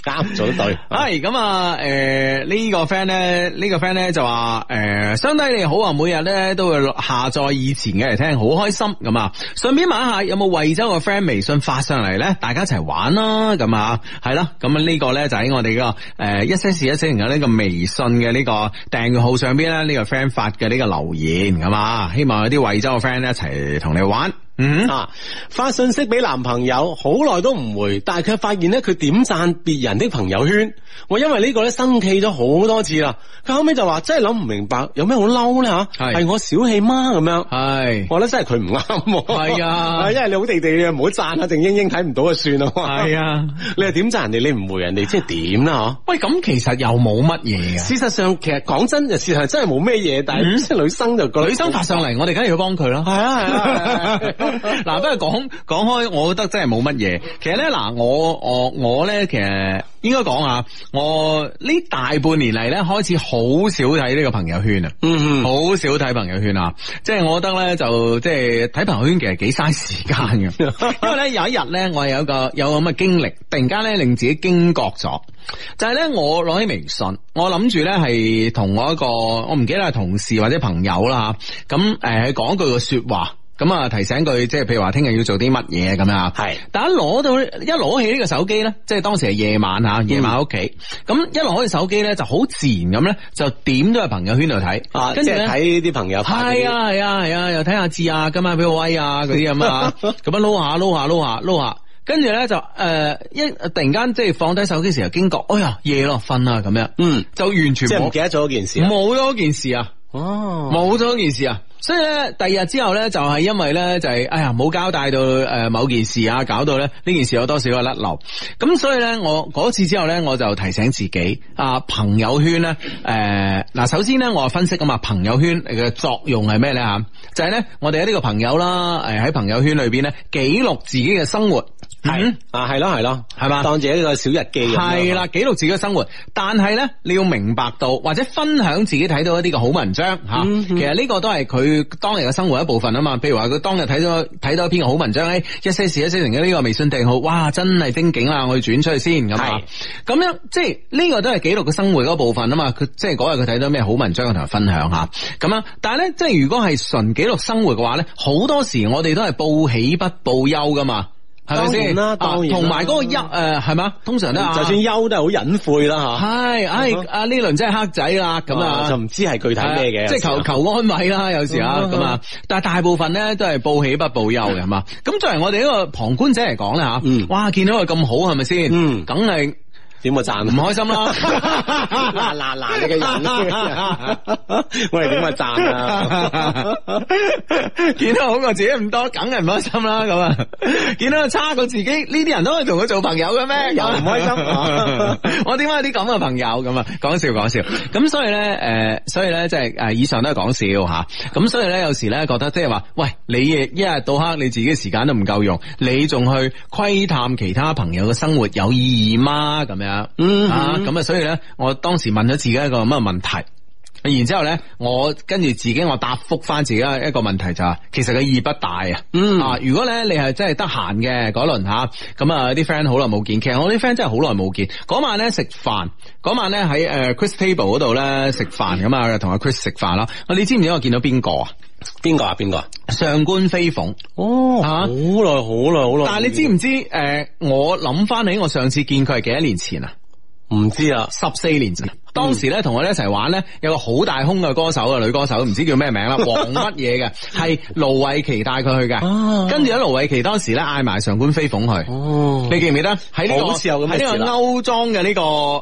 A: 啱咗得對。係咁啊，誒、呃這個、呢、這個 friend 咧，呢個 friend 咧就話誒，兄弟你好啊，每日咧都會下載以前嘅嚟聽，好開心咁啊。順便問一下，有冇惠州嘅 friend 微信發上嚟咧？大家一齊玩啦，咁啊，係咯。咁啊呢個咧就喺我哋嘅誒一些事一些人嘅呢個微信嘅呢個訂閱號上邊咧，呢、這個 friend 發嘅呢個留言咁啊，希望有啲惠州嘅 friend 咧一齊同你玩。嗯啊，發信息俾男朋友好耐都唔回，但係佢發現咧，佢點讚別人啲朋友圈，我因為呢個咧生氣咗好多次啦。佢後尾就話真係諗唔明白，有咩好嬲咧吓？係我小氣嗎？咁樣係，我覺得真係佢唔啱我。係啊，因為你好地地嘅，唔好讚啊，定英英睇唔到就算咯。係啊，你又點讚人哋，你唔回人哋，即係點啦？喂，咁其實又冇乜嘢啊。事實上，其實講真，事實上真係冇咩嘢，但係啲、嗯、女生就覺覺女生發上嚟，我哋梗係要幫佢咯。係啊。係啊。 <laughs> 嗱， <laughs> 不過講講開，我覺得真係冇乜嘢。其實咧，嗱，我我我咧，其實應該講啊，我呢大半年嚟咧，開始好少睇呢個朋友圈啊，嗯嗯，好少睇朋友圈啊，即係我覺得咧，就即係睇朋友圈其實幾嘥時間嘅。 <laughs> 因為咧有一日咧，我有個有咁嘅經歷，突然間咧令自己驚覺咗，就係咧我攞起微信，我諗住咧係同我一個我唔記得係同事或者朋友啦吓，咁誒講句個說話。咁啊，提醒佢，即係譬如話聽日要做啲乜嘢咁樣啊？係，但一攞到一攞起呢個手機咧，即係當時係夜晚吓，夜晚喺屋企，咁、嗯、一攞起手機咧，就好自然咁咧，就點咗喺朋友圈度睇啊，跟住係睇啲朋友係啊係啊係啊，啊，又睇下字啊，今晚俾個威啊，嗰啲咁啊，咁 <laughs> 樣撈下撈下撈下撈下，跟住咧就誒、呃、一突然間即係放低手機時時候，驚覺哎呀夜落瞓啊！」咁樣，嗯，就完全即係唔記得咗件事，冇咗件事啊，哦，冇咗件事啊。所以咧，第二日之後咧，就係因為咧，就係哎呀，冇交代到誒某件事啊，搞到咧呢件事有多少嘅甩漏。咁所以咧，我嗰次之後咧，我就提醒自己啊，朋友圈咧，誒，嗱，首先咧，我分析咁啊，朋友圈嘅作用係咩咧吓？就係咧，我哋喺呢個朋友啦，誒，喺朋友圈裏邊咧，記錄自己嘅生活。係、嗯、啊，係咯，係咯，係嘛，當自己一個小日記，係啦，記錄自己嘅生活。但係咧，你要明白到或者分享自己睇到一啲嘅好文章吓、嗯，其實呢個都係佢當日嘅生活一部分啊嘛。譬如話佢當日睇到睇到一篇好文章喺一些事一些人嘅呢個微信訂號，哇，真係精警啦，我要轉出去先咁啊。咁樣即係呢、這個都係記錄嘅生活嗰部分啊嘛。佢即係嗰日佢睇到咩好文章，我同佢分享吓咁啊。但係咧，即係如果係純記錄生活嘅話咧，好多時我哋都係報喜不報憂噶嘛。係咪先啦？當然，同埋嗰個一，誒，係嘛？通常咧、啊、就算憂都係好隱晦啦，吓。係、嗯，啊呢輪真係黑仔啦，咁啊,啊就唔知係具體咩嘅，即、啊、係、啊、求求安慰啦、啊，有時啊，咁、嗯、啊，但係大部分咧都係報喜不報憂嘅，係、嗯、嘛。咁作為我哋一個旁觀者嚟講咧，吓、嗯，哇，見到佢咁好，係咪先？嗯，梗係。點個讚，唔開心咯！嗱 <laughs> 嗱、 <laughs> 啊啊啊，你嘅人
B: 呢，我嚟點個讚啊！
A: <laughs> 見到好過自己咁多，梗係唔開心啦！咁啊，見到差過自己，呢啲人都可以同佢做朋友嘅咩？又 <laughs> 唔開心， <laughs> <laughs> <laughs> 我點解有啲咁嘅朋友咁啊？講笑講笑，咁所以咧，誒，所以咧，即係誒，以上都係講笑吓。咁、啊、所以咧，有時咧，覺得即係話，喂，你一日到黑你自己的時間都唔夠用，你仲去窺探其他朋友嘅生活有意義嗎？咁樣？啊，啊，咁啊，所以咧，我當時問咗自己一個乜問題，然之後咧，我跟住自己我答覆翻自己一個問題就係、是，其實佢意義不大啊，嗯、mm -hmm.，啊，如果咧你係真係得閒嘅嗰輪吓，咁啊啲 friend 好耐冇見，其實我啲 friend 真係好耐冇見，嗰晚咧食飯，嗰晚咧喺誒 Chris Table 嗰度咧食飯噶嘛，同阿 Chris 食飯啦，我你知唔知我見到邊個啊？邊個啊？邊個啊？上官飛鳳哦，好耐好耐好耐。但係你知唔知誒、嗯呃？我諗翻起我上次見佢係幾多年前啊？唔知啊，十四年前。前、嗯。當時咧同我哋一齊玩咧，有個好大胸嘅歌手嘅女歌手，唔知叫咩名啦，黃乜嘢嘅，係盧慧琪帶佢去嘅。跟住咧盧慧琪當時咧嗌埋上官飛鳳去。哦、啊，你記唔記得喺呢、這個？喺呢個歐莊嘅呢個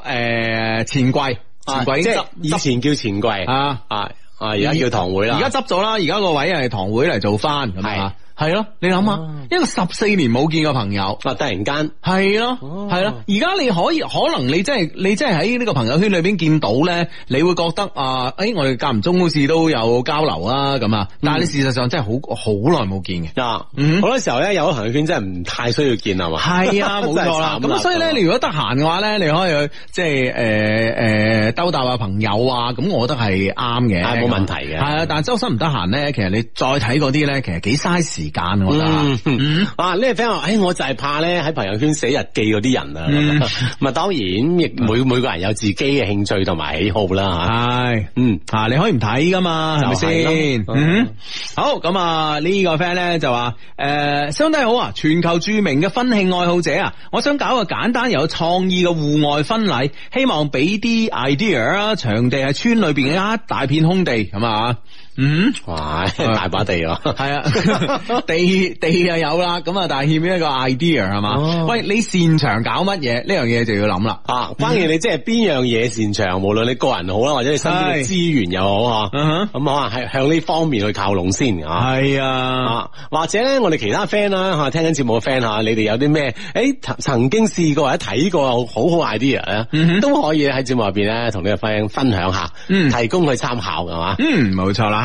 A: 誒錢櫃錢櫃，即係以前叫錢櫃啊啊。啊啊，而家叫堂會啦，而家執咗啦，而家個位係堂會嚟做翻咁係嘛？係咯，你諗下，一個十四年冇見嘅朋友啊，突然間，係咯，係咯，而家你可以可能你真係你真係喺呢個朋友圈裏邊見到咧，你會覺得啊，誒、哎，我哋間唔中好似都有交流啊，咁啊，但係你事實上真係好好耐冇見嘅嗱，好、嗯、多時候咧有咗朋友圈真係唔太需要見係嘛，係啊，冇錯啦，咁所以咧，你如果得閒嘅話咧，你可以去即係誒誒兜搭下朋友啊，咁我覺得係啱嘅，係冇問題嘅，係啊，但係周身唔得閒咧，其實你再睇嗰啲咧，其實幾嘥時。時間我得，呢、嗯嗯啊這個 friend 話，誒我就係怕咧喺朋友圈寫日記嗰啲人啊，咪、嗯、當然亦每每個人有自己嘅興趣同埋喜好啦係，嗯吓、啊、你可以唔睇噶嘛，係咪先？嗯，好，咁啊呢個 friend 咧就話，誒、呃，相當好啊，全球著名嘅婚慶愛好者啊，我想搞個簡單又有創意嘅戶外婚禮，希望俾啲 idea 啊，場地係村裏邊嘅一大片空地，係嘛？嗯，哇，大把地喎，係啊， <laughs> 地地又有啦，咁啊，但係欠邊一個 idea 係嘛、哦？喂，你擅長搞乜嘢？呢樣嘢就要諗啦啊！反而你即係邊樣嘢擅長、嗯，無論你個人好啦，或者你身邊嘅資源又好啊，咁可能係向呢方面去靠攏先啊！係啊，或者咧，我哋其他 friend 啦吓，聽緊節目嘅 friend 吓，你哋有啲咩？誒，曾曾經試過或者睇過好好 idea 啊、嗯，都可以喺節目入邊咧同啲 friend 分享下、嗯，提供佢參考㗎嘛？嗯，冇錯啦。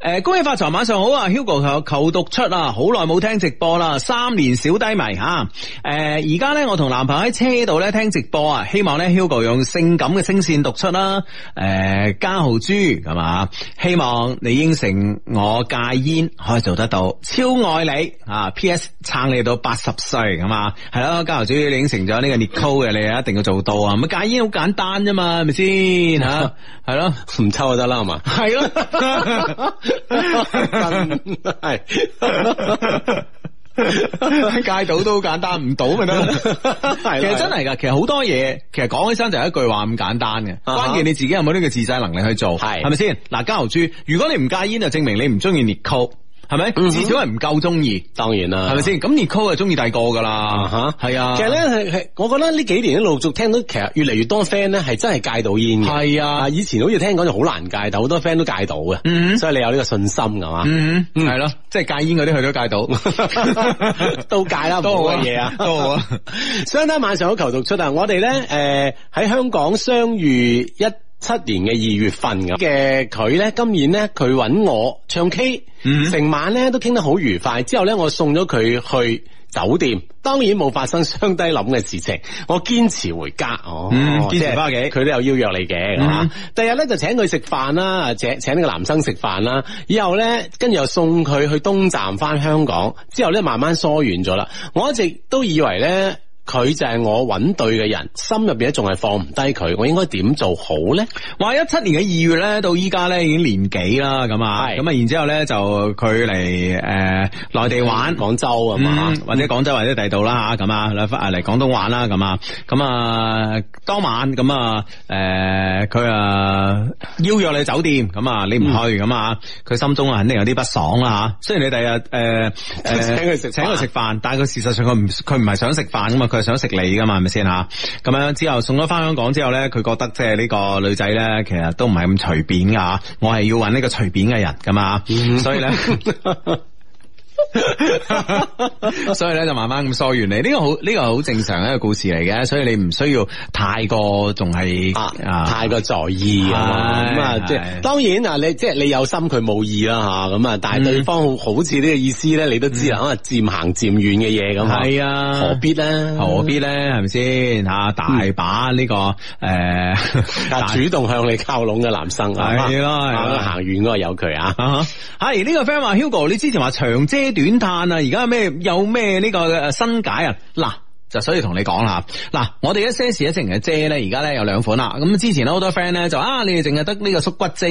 A: 誒，恭喜發財，晚上好啊，Hugo 求求讀出啊，好耐冇聽直播啦，三年小低迷吓。誒，而家咧我同男朋友喺車度咧聽直播啊，希望咧 Hugo 用性感嘅聲線讀出啦。誒，嘉豪豬係嘛，希望你應承我戒煙可以做得到，超愛你啊。P.S. 撐你到八十歲，咁啊，係咯，嘉豪豬你應承咗呢個獵 call 嘅，你，Nicole，你一定要做到啊。咪戒煙好簡單咋嘛，係咪先吓？係咯，唔抽就得啦，係嘛？係咯。係 <laughs> <laughs> <laughs> 戒到都好簡單，唔到咪得。其實真係噶，其實好多嘢，其實講起身就係一句話咁簡單嘅。關鍵你自己有冇呢個自制能力去做，係係咪先？嗱，交流豬，如果你唔戒煙，就證明你唔中意 Nicole。係咪至少係唔夠中意？當然啦，係咪先？咁你 call 就中意第二個噶啦，吓、mm、係 -hmm. 啊，啊。其實咧，係係，我覺得呢幾年都陸續聽到，其實越嚟越多 friend 咧係真係戒到煙嘅。係啊，以前好似聽講就好難戒，但好多 friend 都戒到嘅。Mm -hmm. 所以你有呢個信心係嘛？嗯嗯，係、mm、咯 -hmm. 啊，即、就、係、是、戒煙嗰啲佢都戒到，都 <laughs> 戒啦，都好多嘢啊，都好啊。好啊好啊 <laughs> 相當晚上好求讀出啊！我哋咧，誒、呃、喺香港相遇一。七年嘅二月份咁嘅，佢呢今年呢，佢揾我唱 K，成、mm -hmm. 晚呢都傾得好愉快。之後呢，我送咗佢去酒店，當然冇發生雙低諗嘅事情。我堅持回家，mm -hmm. 哦，堅持翻屋企，佢都有邀約你嘅，係第日呢就請佢食飯啦，請請呢個男生食飯啦。以後呢，跟住又送佢去東站翻香港。之後呢，慢慢疏遠咗啦。我一直都以為呢。佢就係我揾對嘅人，心入邊仲係放唔低佢，我應該點做好咧？話一七年嘅二月咧，到依家咧已經年幾啦咁啊，咁啊，然之後咧就佢嚟誒內地玩，嗯、廣州啊嘛、嗯，或者廣州或者第度啦吓，咁、嗯、啊，嚟啊嚟廣東玩啦咁啊，咁啊當晚咁啊誒佢啊邀約你酒店，咁啊你唔去，咁啊佢心中啊肯定有啲不爽啦吓，雖然你第日誒誒、呃、請佢食請佢食飯，但係佢事實上佢唔佢唔係想食飯噶嘛佢。想食你噶嘛，係咪先吓？咁樣之後送咗翻香港之後咧，佢覺得即係呢個女仔咧，其實都唔係咁隨便噶，我係要揾呢個隨便嘅人咁啊、嗯，
B: 所以咧。 <laughs>
A: <laughs> 所以咧就慢慢咁疏完你，呢、這個好呢、這個係好正常一個故事嚟嘅，所以你唔需要太過仲係、啊、太過在意啊。咁啊，即、嗯、係、嗯嗯、當然啊，你即係、就是、你有心佢冇意啦吓，咁啊，但係對方好似呢個意思咧，你都知啦，可能漸行漸遠嘅嘢咁。係、嗯、啊，何必咧？何必咧？係咪先吓？大把呢、這個誒、嗯啊、主動向你靠攏嘅男生。係咯，行遠嗰個有佢啊。係呢個 friend 話 Hugo，你之前話長姐。短嘆啊！而家咩有咩呢個新解啊？嗱。就所以同你講啦，嗱，我哋一些事一些情嘅遮咧，而家咧有兩款啦。咁之前呢，好多 friend 咧就啊，你哋淨係得呢個縮骨遮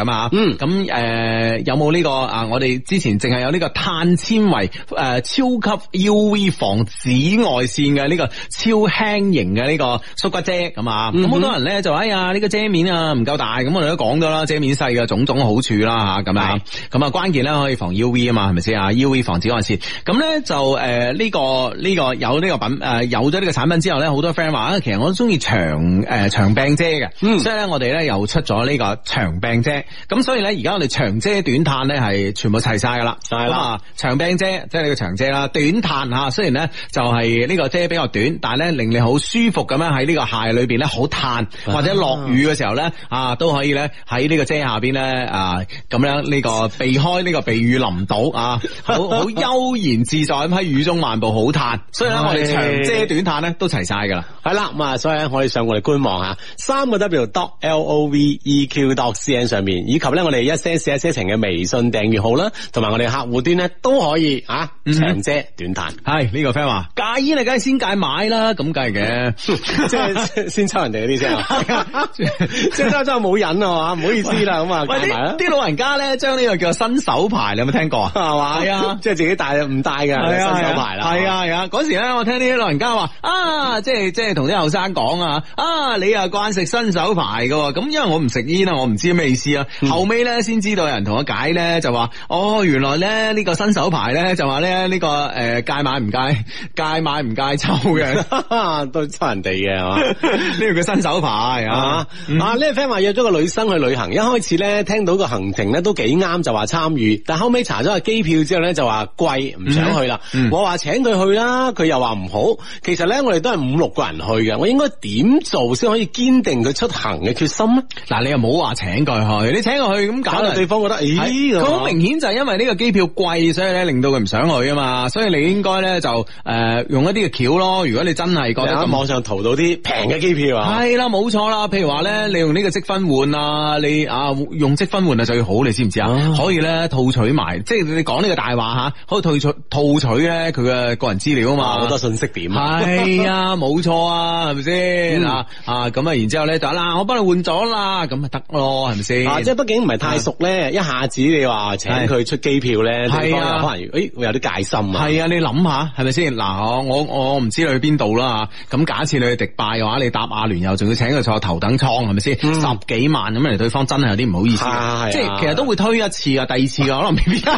A: 咁啊。嗯。咁誒，有冇呢、這個啊？我哋之前淨係有呢個碳纖維誒，超級 U V 防紫外綫嘅呢、這個超輕型嘅呢個縮骨遮咁啊。咁、嗯、好多人咧就哎呀，呢個遮面啊唔夠大。咁我哋都講咗啦，遮面細嘅種種好處啦吓。咁啊，咁啊關鍵咧可以防 U V 啊嘛，係咪先啊？U V 防紫外綫。咁咧就誒、這、呢個呢、這個有呢個品。誒，有咗呢個產品之後咧，好多 friend 話其實我都中意長誒、呃、長柄遮嘅，嗯，所以咧我哋咧又出咗呢個長柄遮，咁所以咧而家我哋長遮短嘆咧係全部齊晒噶啦，係啦、啊，長柄遮即係呢個長遮啦，短嘆吓，雖然咧就係呢個遮比較短，但係咧令你好舒服咁樣喺呢個鞋裏邊咧好嘆，或者落雨嘅時候咧啊都可以咧喺呢個遮下邊咧啊咁樣呢個避開呢、呢個避雨淋到啊，好好悠然自在咁喺雨中漫步好嘆， <laughs> 所以咧我哋遮短嘆咧都齊晒噶啦，係啦咁啊，所以咧可以上我哋官網下，三個 w dot l o v e q dot c n 上面，以及咧我哋一 send 車程嘅微信訂閱號啦，同埋我哋客戶端咧都可以啊。長遮短嘆，係、嗯、呢、這個 friend 話戒煙你梗係先戒買啦，咁梗嘅，即 <laughs> 係先抽人哋嗰啲啫，即係即係冇癮啊，嘛，唔好意思啦咁啊。喂啲啲老人家咧，將呢個叫新手牌，你有冇聽過啊？係、就、嘛、是，係啊，即係自己帶唔帶嘅新手牌啦，係啊係啊，嗰、啊啊啊啊啊啊、時咧我聽啲。老人家話啊，即係即係同啲後生講啊，啊你又慣食新手牌喎。咁因為我唔食煙啊，我唔知咩意思啊。後尾咧先知道有人同我解咧就話，哦，原來咧呢個新手牌咧就話咧呢個誒戒買唔戒戒買唔戒抽嘅， <laughs> 都抽人哋嘅係嘛？呢 <laughs> 個叫新手牌 <laughs> 啊啊呢個 friend 話約咗個女生去旅行，一開始咧聽到個行程咧都幾啱，就話參與，但後尾查咗個機票之後咧就話貴，唔想去啦，嗯。我話請佢去啦，佢又話唔好。其實咧，我哋都係五六個人去嘅。我應該點做先可以堅定佢出行嘅決心呢？嗱，你又冇話請佢去，你請佢去咁搞到，對方覺得佢好、欸、明顯就係因為呢個機票貴，所以咧令到佢唔想去啊嘛。所以你應該咧就誒、呃、用一啲嘅橋咯。如果你真係覺得咁，網上淘到啲平嘅機票，係啦，冇錯啦。譬如話咧，你用呢個積分換啊，你啊用積分換啊就最好，你知唔知啊？可以咧套取埋，即係你講呢個大話吓，可以套取套取咧佢嘅個人資料啊嘛，好多信息點。係啊，冇錯啊，係咪先啊？咁、嗯、啊，然之後咧就啦，我幫你換咗啦，咁咪得咯，係咪先？即係畢竟唔係太熟咧，啊、一下子你話請佢出機票咧，啊對啊，可能誒，哎、會有啲戒心啊。係啊，你諗下係咪先？嗱，我我我唔知你去邊度啦，咁假設你去迪拜嘅話，你搭阿聯又仲要請佢坐頭等艙，係咪先？嗯、十幾萬咁嚟，對方真係有啲唔好意思。啊啊、即係其實都會推一次啊，第二次可能未必。第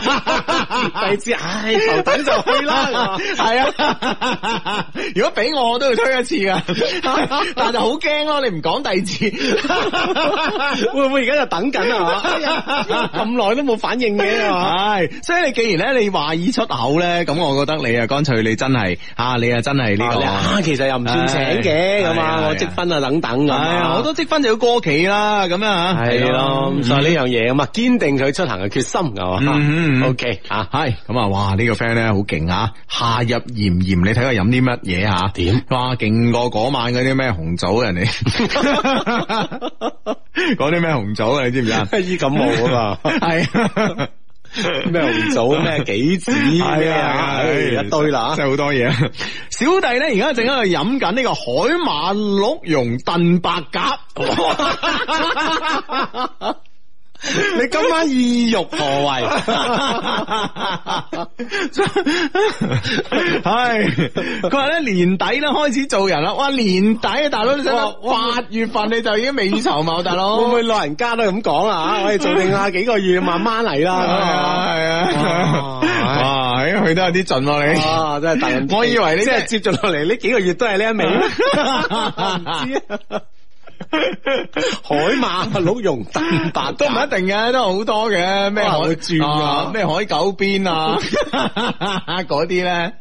A: 二次，唉、 <laughs> <laughs> 哎，頭等就去啦。係 <laughs> 是啊。 <laughs> 如果俾我，我都要推一次噶，但係就好驚咯。你唔講第二次，會唔會而家就等緊啊？咁耐都冇反應嘅，係。所以你既然咧你話已出口咧，咁我覺得你啊，乾脆你真係啊，你啊真係呢個啊，其實又唔算醒嘅，咁啊，我積分啊等等咁。係，我都積分就要過期啦，咁樣吓。係咯，所以呢樣嘢，咁啊，堅定佢出行嘅決心㗎嘛。嗯嗯，OK，吓係咁啊，哇，呢個 friend 咧好勁啊，夏日炎炎，你睇我飲啲。啲乜嘢吓？點哇？勁過嗰晚嗰啲咩紅棗人哋，講啲咩紅棗啊？你知唔知 <laughs> <laughs> 是啊？醫感冒啊嘛？係咩紅棗？咩杞子？啊，啊，一堆啦，即係好多嘢，啊。小弟咧而家正喺度飲緊呢在在個海馬鹿茸燉白鴿。 <laughs> 你今晚意欲何為？
B: 係
A: 佢話咧年底咧開始做人啦，哇！年底大佬，你睇下八月份你就已經未雨綢繆，大佬會唔會老人家都咁講啊？ <laughs> 我哋做定下幾個月，慢慢嚟啦。係啊，哇、啊！佢、啊、都、啊啊啊啊哎、有啲盡咯，你。真係大，我以為你即係接住落嚟呢幾個月都係呢一味。啊 <laughs> <laughs> 海馬、鹿茸、蛋白都唔一定嘅，都好多嘅，咩海鑽啊，咩海狗鞭啊，嗰啲咧。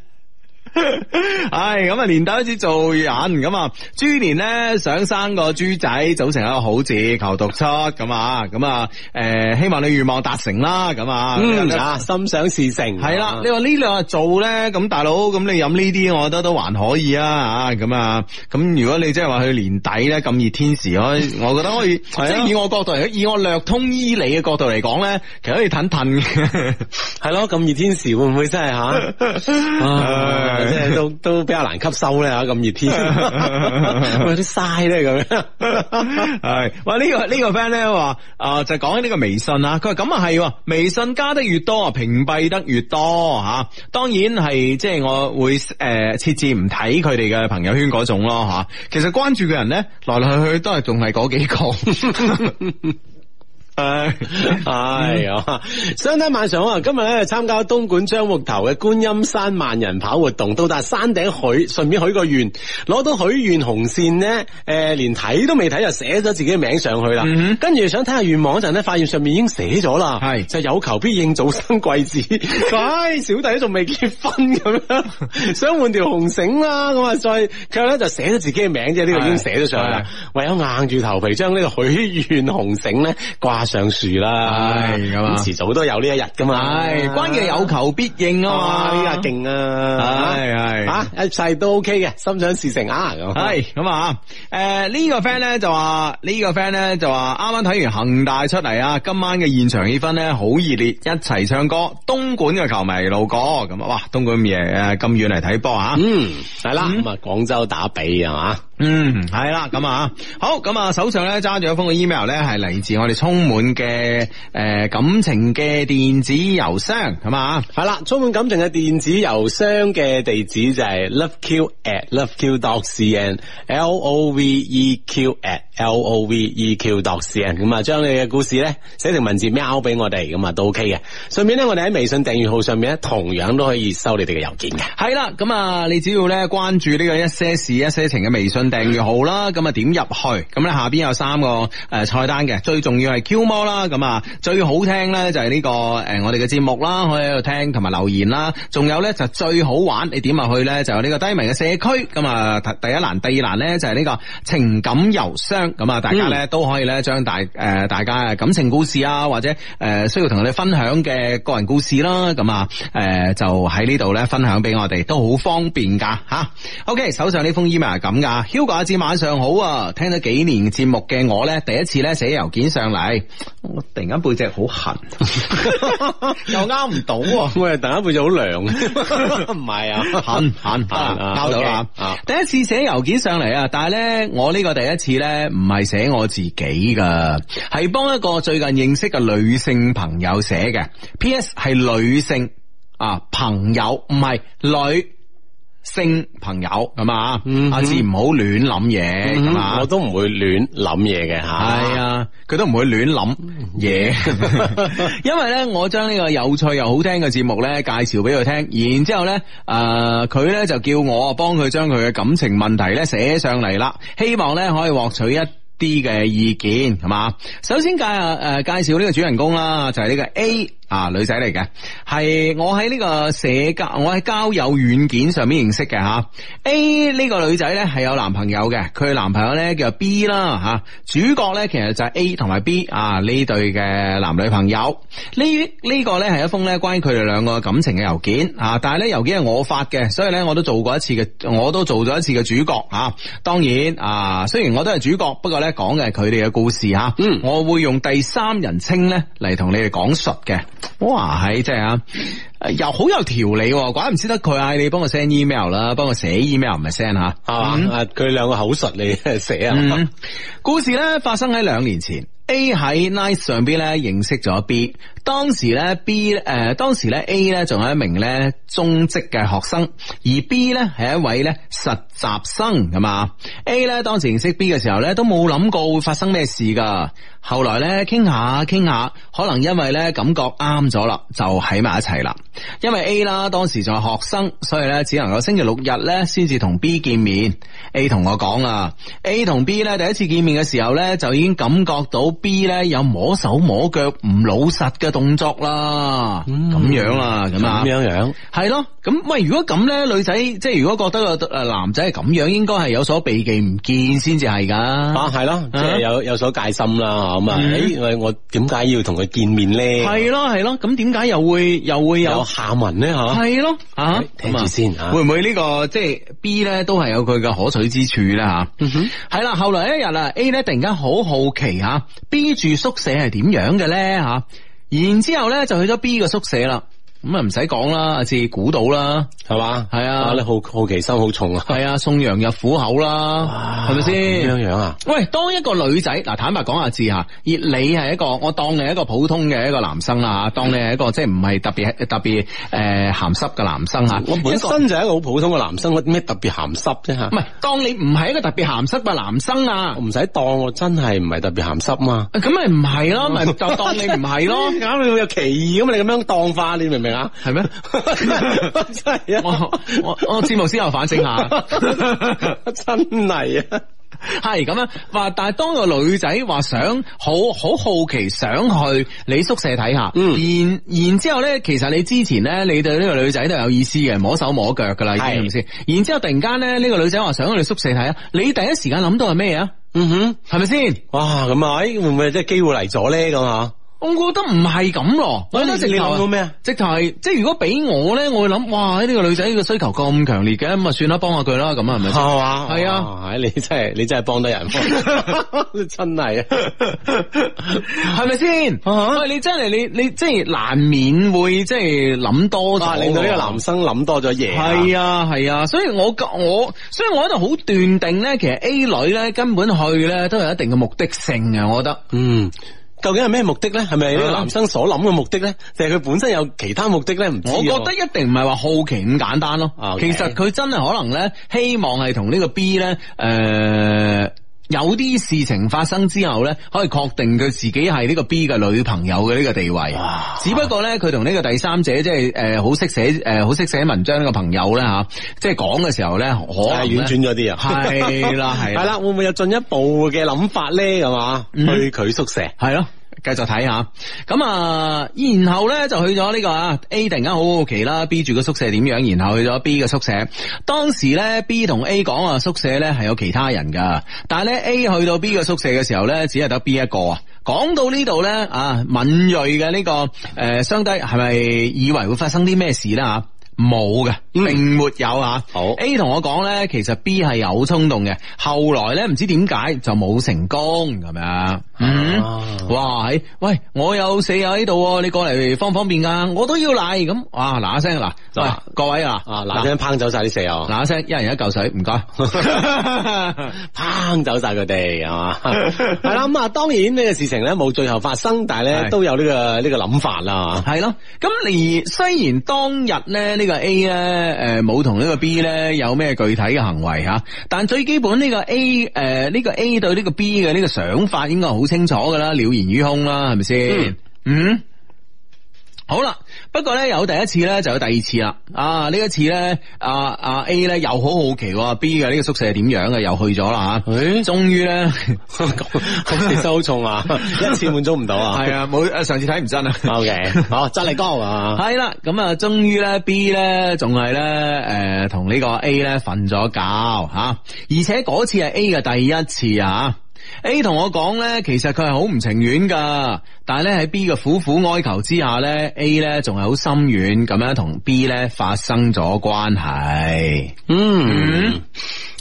A: 唉、 <laughs> 哎，咁啊年底開始做人，咁啊豬年咧想生個豬仔，組成一個好字，求讀出，咁啊咁啊，誒、呃、希望你願望達成啦，咁啊，啊、嗯、心想事成，係啦，你話呢兩日做咧，咁大佬，咁你飲呢啲，我覺得都還可以啊，吓咁啊，咁如果你即係話去年底咧，咁熱天時，我我覺得可以， <laughs> 以我角度嚟， <laughs> 以我略通醫理嘅角度嚟講咧，其實可以褪褪嘅，係咯，咁熱天時會唔會真係吓？
B: <laughs> 啊 <laughs> <laughs> 即
A: 係都都比較難吸收咧吓，咁熱天有啲嘥咧咁樣。 <laughs> 係，哇呢、這個呢、這個 friend 咧話，啊、呃、就講緊呢個微信啊，佢話咁啊係，微信加得越多啊，屏蔽得越多吓、啊。當然係即係我會誒設、呃、置唔睇佢哋嘅朋友圈嗰種咯吓、啊。其實關注嘅人咧來來去去都係仲係嗰幾個。 <laughs> 唉、哎，唉、哎，好、嗯。雙上單晚上啊，今日咧參加東莞樟木頭嘅觀音山萬人跑活動，到達山頂許，順便許個願，攞到許願紅線咧，誒，連睇都未睇就寫咗自己嘅名上去啦。跟、嗯、住想睇下願望陣咧，發現上面已經寫咗啦，係就是、有求必應，早生貴子。唉、 <laughs> 哎，小弟仲未結婚咁樣， <laughs> 想換條紅繩啦。我話再，佢咧就寫咗自己嘅名，啫呢、這個已經寫咗上去啦。唯有硬住頭皮將呢個許願紅繩咧掛，掛上樹啦，咁遲早都有呢一日噶嘛，係關鍵有求必應啊嘛，呢個勁啊，係係、啊啊啊，一切都 OK 嘅，心想事成啊咁，係咁啊，誒呢、啊啊，這個 friend 咧就話呢、這個 friend 咧就話啱啱睇完恒大出嚟啊，今晚嘅現場氣氛咧好熱烈，一齊唱歌，東莞嘅球迷路過，咁啊哇，東莞嘢誒咁遠嚟睇波啊，嗯，係啦，咁啊廣州打比啊嘛。嗯，係啦，咁啊，好，咁啊，手上咧揸住一封嘅 email 咧，係嚟自我哋充滿嘅誒、呃、感情嘅電子郵箱，係嘛，係啦，充滿感情嘅電子郵箱嘅地址就係 loveq@loveq.cn，l o v e q@l o v e q.cn，咁啊，將你嘅故事咧寫成文字 mail 俾我哋，咁啊都 OK 嘅。順便咧，我哋喺微信訂閱號上面咧，同樣都可以收你哋嘅郵件嘅。係啦，咁啊，你只要咧關注呢個一些事一些情嘅微信。訂閱號啦，咁啊點入去？咁咧下邊有三個誒、呃、菜單嘅，最重要係 Q 摩啦，咁啊最好聽咧就係呢、這個誒、呃、我哋嘅節目啦，可以喺度聽同埋留言啦，仲有咧就最好玩，你點入去咧就有呢個低迷嘅社區，咁啊第一欄第二欄咧就係呢個情感郵箱，咁啊大家咧、嗯、都可以咧將大誒、呃、大家嘅感情故事啊或者誒、呃、需要同你分享嘅個人故事啦，咁啊誒就喺呢度咧分享俾我哋，都好方便噶吓。OK，手上呢封 email 係咁噶。蕭公子晚上好啊！聽咗幾年節目嘅我咧，第一次咧寫郵件上嚟，我突然間背脊好痕，
B: <laughs> <laughs>
A: 又啱唔到，啊，喎。 <laughs> 突然間背脊好涼，唔 <laughs> 係啊，痕痕痕，有難啊，啊，啊！第一次寫郵件上嚟啊，但係咧，我呢個第一次咧唔係寫我自己噶，係幫一個最近認識嘅女性朋友寫嘅。P.S. 係女性啊，朋友唔係女。星朋友咁、嗯嗯、係嘛，阿志唔好亂諗嘢，我都唔會亂諗嘢嘅吓。係啊，佢、啊、都唔會亂諗嘢，嗯、 <laughs> 因為呢，我將呢個有趣又好聽嘅節目咧介紹俾佢聽，然之後咧誒佢呢就叫我啊幫佢將佢嘅感情問題咧寫上嚟啦，希望呢可以獲取一啲嘅意見，係嘛？首先介誒介紹呢個主人公啦，就係、是、呢個 A。啊，女仔嚟嘅，係我喺呢個社交，我喺交友軟件上面認識嘅吓。A 呢個女仔呢係有男朋友嘅，佢男朋友呢叫 B 啦、啊、吓。主角呢其實就係 A 同埋 B 啊呢對嘅男女朋友。呢呢、個呢係一封呢關於佢哋兩個感情嘅郵件啊，但係呢郵件係我發嘅，所以呢我都做過一次嘅，我都做咗一次嘅主角啊。當然啊，雖然我都係主角，不過呢講嘅係佢哋嘅故事吓、啊。嗯，我會用第三人稱呢嚟同你哋講述嘅。哇！係真係啊，又好有條理，怪唔之得佢啊！你幫我 send email 啦，幫我寫 email 唔係 send 吓，係佢兩個口述你寫啊。嗯、 <laughs> 故事咧發生喺兩年前，A 喺 nice 上邊咧認識咗 B。當時咧 B 誒、呃，當時咧 A 咧仲係一名咧中職嘅學生，而 B 咧係一位咧實習生，咁嘛？A 咧當時認識 B 嘅時候咧，都冇諗過會發生咩事噶。後來咧傾下傾下，可能因為咧感覺啱咗啦，就喺埋一齊啦。因為 A 啦，當時仲係學生，所以咧只能夠星期六日咧先至同 B 見面。A 同我講啊，A 同 B 咧第一次見面嘅時候咧，就已經感覺到 B 咧有摸手摸腳唔老實嘅。動作啦，咁、嗯、樣啦，咁樣樣係咯。咁喂，如果咁咧，女仔即係如果覺得個誒男仔係咁樣，應該係有所避忌，唔見先至係噶。啊，係咯、啊，即係有有所戒心啦。咁、嗯、啊，誒、欸，我點解要同佢見面咧？係咯，係咯。咁點解又會又會有，有下文咧？吓，係咯。啊，聽住先吓、啊，會唔會、這個就是、呢個即係 B 咧都係有佢嘅可取之處啦？吓、嗯，係啦。後來一日啦 A 咧突然間好好奇吓，B 住宿舍係點樣嘅咧？吓。然之後咧，就去咗 B 個宿舍啦。咁啊，唔使講啦，字估到啦，係嘛？係啊，你好好奇心好重啊！係啊，送羊入虎口啦，係咪先？樣樣啊？喂，當一個女仔嗱，坦白講下字吓，而你係一個，我當你係一個普通嘅一個男生啦，當你係一個即係唔係特別特別誒鹹濕嘅男生啊，我本身就係一個好普通嘅男生，我咩特別鹹濕啫吓？唔係，當你唔係一個特別鹹濕嘅男生啊，唔使當，我，當我真係唔係特別鹹濕嘛。咁咪唔係咯，咪就當你唔係咯，你會有歧義咁你咁樣當化，你明唔明係咩？真 <laughs> 係啊！我我我自我思考 <laughs> 反省下， <laughs> 真係是啊！係咁樣！哇！但係當個女仔話想好好好奇想去你宿舍睇下，嗯，然然之後咧，其實你之前咧，你對呢個女仔都有意思嘅，摸手摸腳噶啦，係咪先？然之後突然間咧，呢個女仔話想去你宿舍睇啊！你第一時間諗到係咩啊？嗯哼，係咪先？哇！咁啊，會唔會即係機會嚟咗咧？咁啊？我覺得唔係咁咯，你諗到咩啊，直頭係即係如果俾我咧，我會諗哇，呢個女仔呢個需求咁強烈嘅，咁啊算啦，幫下佢啦，咁啊係咪？係 <laughs> 嘛 <laughs> 真是， <laughs> 啊，你真係你真係幫得人，真係啊，係咪先？喂，你真係你你即係難免會即係諗多咗，令到呢個男生諗多咗嘢，啊。係啊係啊，所以我我所以我喺度好斷定咧，其實 A 女咧根本去咧都有一定嘅目的性啊。我覺得嗯。究竟係咩目的咧？係咪呢個男生所諗嘅目的咧？定係佢本身有其他目的咧？唔，我覺得一定唔係話好奇咁簡單咯。Okay. 其實佢真係可能咧，希望係同呢個 B 咧，誒，有啲事情發生之後咧，可以確定佢自己係呢個 B 嘅女朋友嘅呢個地位、啊。只不過咧，佢同呢個第三者即係誒，好識寫誒，好識寫文章呢個朋友咧吓，即係講嘅時候咧，可能、就是、婉轉咗啲啊。係啦，係。係 <laughs> 啦，會唔會有進一步嘅諗法咧？係嘛，去佢宿舍。係、嗯、咯。繼續睇下，咁啊，然後呢就去咗呢個啊 A 突然間好好奇啦，B 住個宿舍點樣，然後去咗 B 個宿舍。當時呢 B 同 A 講啊，宿舍呢係有其他人噶，但係呢 A 去到 B 個宿舍嘅時候呢，只係得 B 一個啊。講到呢度呢，啊，敏銳嘅呢個誒兄弟係咪以為會發生啲咩事呢？啊？冇嘅，並沒有啊。好 A 同我講咧，其實 B 係有衝動嘅，後來咧唔知點解就冇成功，咁、啊、咪嗯，哇，喂，我有舍友喺度，你過嚟方唔方便噶？我都要嚟。咁，哇，嗱一聲嗱，各位啊，啊，嗱一聲抨走晒啲舍友，嗱一聲一人一嚿水，唔 <laughs> 該，抨 <laughs> 走晒佢哋係嘛？係啦，咁 <laughs> 啊，當然呢、這個事情咧冇最後發生，但係咧都有呢、這個呢、這個諗法啦。係咯，咁你雖然當日咧呢。呢個 A 咧，誒冇同呢個 B 咧有咩具體嘅行為吓，但最基本呢個 A，誒呢個 A 對呢個 B 嘅呢個想法應該好清楚噶啦，了然於胸啦，係咪先？嗯。嗯。好啦，不過咧有第一次咧就有第二次啦。啊，呢一次咧，啊阿 A 咧又好好奇 B 嘅呢個宿舍係點樣嘅，又去咗啦吓。誒、欸，終於咧，其 <laughs> 好 <laughs> 重啊， <laughs> 一次滿足唔到啊。係啊，冇上次睇唔真啊。O K，好，真係高啊。係啦，咁啊，終於咧 B 咧仲係咧誒，同呢、呃、個 A 咧瞓咗覺吓、啊，而且嗰次係 A 嘅第一次啊。A 同我講咧，其實佢係好唔情願噶但係咧喺 B 嘅苦苦哀求之下咧，A 咧仲係好心軟，咁樣同 B 咧發生咗關係。嗯、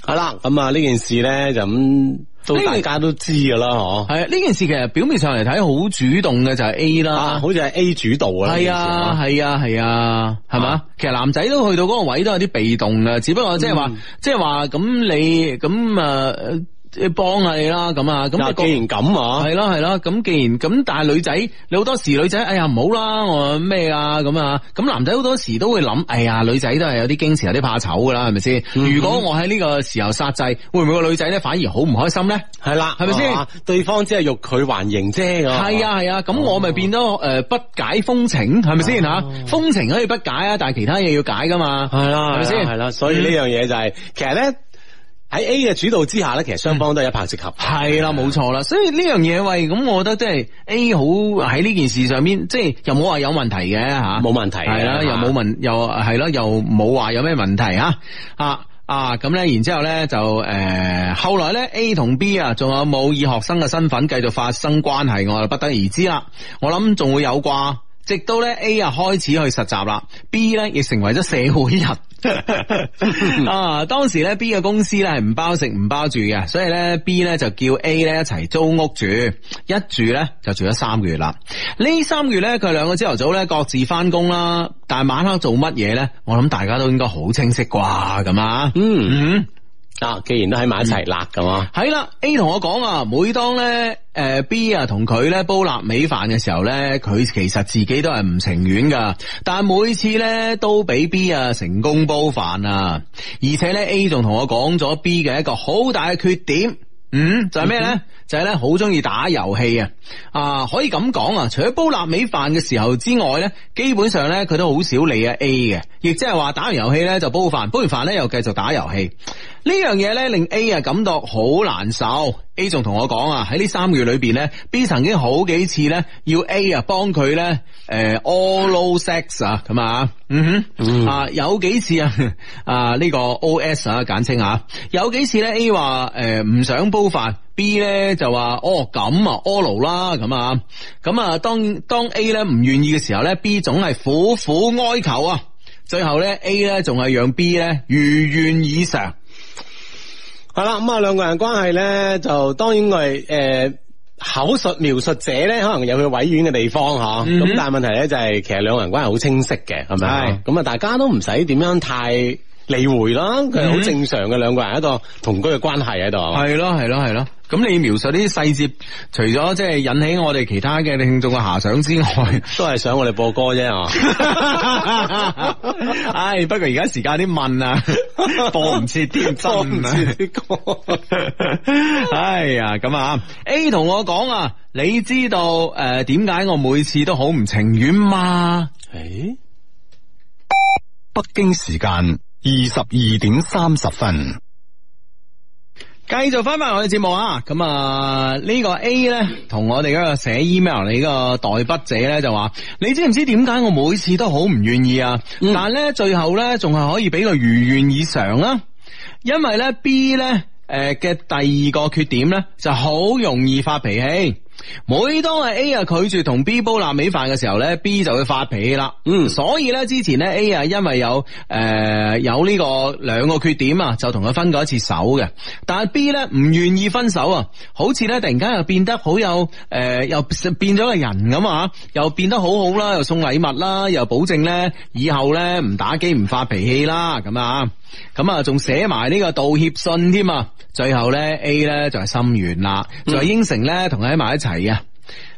A: 好、嗯、啦，咁啊呢件事咧就咁，大家都知噶啦，嗬。係呢件事其實表面上嚟睇，好主動嘅就係 A 啦，啊，好似係 A 主導啊。係啊，係啊，係啊，係、啊、嘛？其實男仔都去到嗰個位都有啲被動㗎，只不過即係話，即係話咁你咁啊。幫下你啦咁啊咁，既然咁啊，係啦係啦咁，既然咁，但係女仔你好多時女仔，哎呀唔好啦，我話咩啊咁啊咁，男仔好多時都會諗，哎呀女仔都係有啲矜持，有啲怕醜噶啦，係咪先？如果我喺呢個時候殺制，會唔會個女仔咧反而好唔開心咧？係啦，係咪先？對方只係欲拒還迎啫，係啊係啊，咁、嗯、我咪變咗誒不解風情，係咪先吓？風情可以不解啊，但係其他嘢要解噶嘛，係啦，係咪先？係啦，所以呢樣嘢就係、是嗯、其實咧。喺 A 嘅主導之下咧，其實雙方都係一拍即合。係啦，冇錯啦，所以呢樣嘢喂，咁我覺得即係 A 好喺呢件事上面，即係又冇話有問題嘅吓，冇問題係啦，又冇問、啊、又係咯，又冇話有咩問題吓啊啊咁咧，然之後咧就誒、呃、後來咧 A 同 B 啊，仲有冇以學生嘅身份繼續發生關係，我係不得而知啦。我諗仲會有啩。直到咧 A 啊開始去實習啦，B 咧亦成為咗社會人。 <laughs> 啊，當時咧 B 嘅公司咧係唔包食唔包住嘅，所以咧 B 咧就叫 A 咧一齊租屋住，一住咧就住咗三個月啦。呢三個月咧，佢兩個朝頭早咧各自翻工啦，但係晚黑做乜嘢咧？我諗大家都應該好清晰啩咁啊。嗯。嗯啊、哦！既然都喺埋一齊辣噶嘛，係啦。A 同我講啊，每當咧誒 B 啊同佢咧煲臘味飯嘅時候咧，佢其實自己都係唔情願噶。但係每次咧都俾 B 啊成功煲飯啊，而且咧 A 仲同我講咗 B 嘅一個好大嘅缺點。嗯，就係咩咧？就係咧好中意打遊戲啊！啊，可以咁講啊，除咗煲臘味飯嘅時候之外咧，基本上咧佢都好少理啊 A 嘅。亦即係話打完遊戲咧就煲飯，煲完飯咧又繼續打遊戲。呢樣嘢咧令 A 啊感覺好難受 A 還跟。A 仲同我講啊，喺呢三個月裏邊咧，B 曾經好幾次咧要 A 啊幫佢咧誒、呃、oral sex 啊咁啊，嗯哼，啊有幾次啊啊呢個 OS 啊簡稱啊，有幾次咧、啊這個啊、A 話誒唔想煲飯，B 咧就話哦咁啊 oral 啦咁啊，咁啊,啊,啊當當 A 咧唔願意嘅時候咧，B 總係苦苦哀求啊，最後咧 A 咧仲係讓 B 咧如願以償。好啦，咁啊，兩個人關係咧，就當然我哋誒口述描述者咧，可能有佢委婉嘅地方吓，咁但係問題咧就係，其實兩個人關係好清晰嘅，係咪係咁啊，大家都唔使點樣太。理會啦，佢係好正常嘅兩、嗯、個人喺度同居嘅關係喺度，係咯，係咯，係咯。咁你描述啲細節，除咗即係引起我哋其他嘅聽眾嘅遐想之外，都係想我哋播歌啫。啊！唉，不過而家時間啲問啊， <laughs> 播唔切啲真唔切啲歌。 <laughs> <laughs> 哎呀，咁啊，A 同我講啊，你知道誒點解我每次都好唔情願嗎？誒、哎，北京時間。二十二點三十
B: 分，
A: 繼續翻翻我哋節目啊！咁啊，呢個 A 呢同我哋嗰個寫 email 你個代筆者呢，就話，你知唔知點解我每次都好唔願意啊、嗯？但呢最後呢，仲係可以俾佢如願以償啦，因為呢 B 呢誒嘅第二個缺點呢，就好容易發脾氣。每當係 A 啊，拒絕同 B 煲臘味飯嘅時候呢 B 就會發脾氣啦。嗯，所以呢，之前呢 A 啊因為有誒、呃、有呢個兩個缺點啊，就同佢分過一次手嘅。但係 B 呢唔願意分手啊，好似呢突然間又變得好有誒、呃、又變咗個人咁啊，又變得好好啦，又送禮物啦，又保證呢以後呢唔打機唔發脾氣啦咁啊。咁啊，仲寫埋呢個道歉信添啊！最後咧，A 咧就係心軟啦，就、嗯、係應承咧同佢喺埋一齊啊！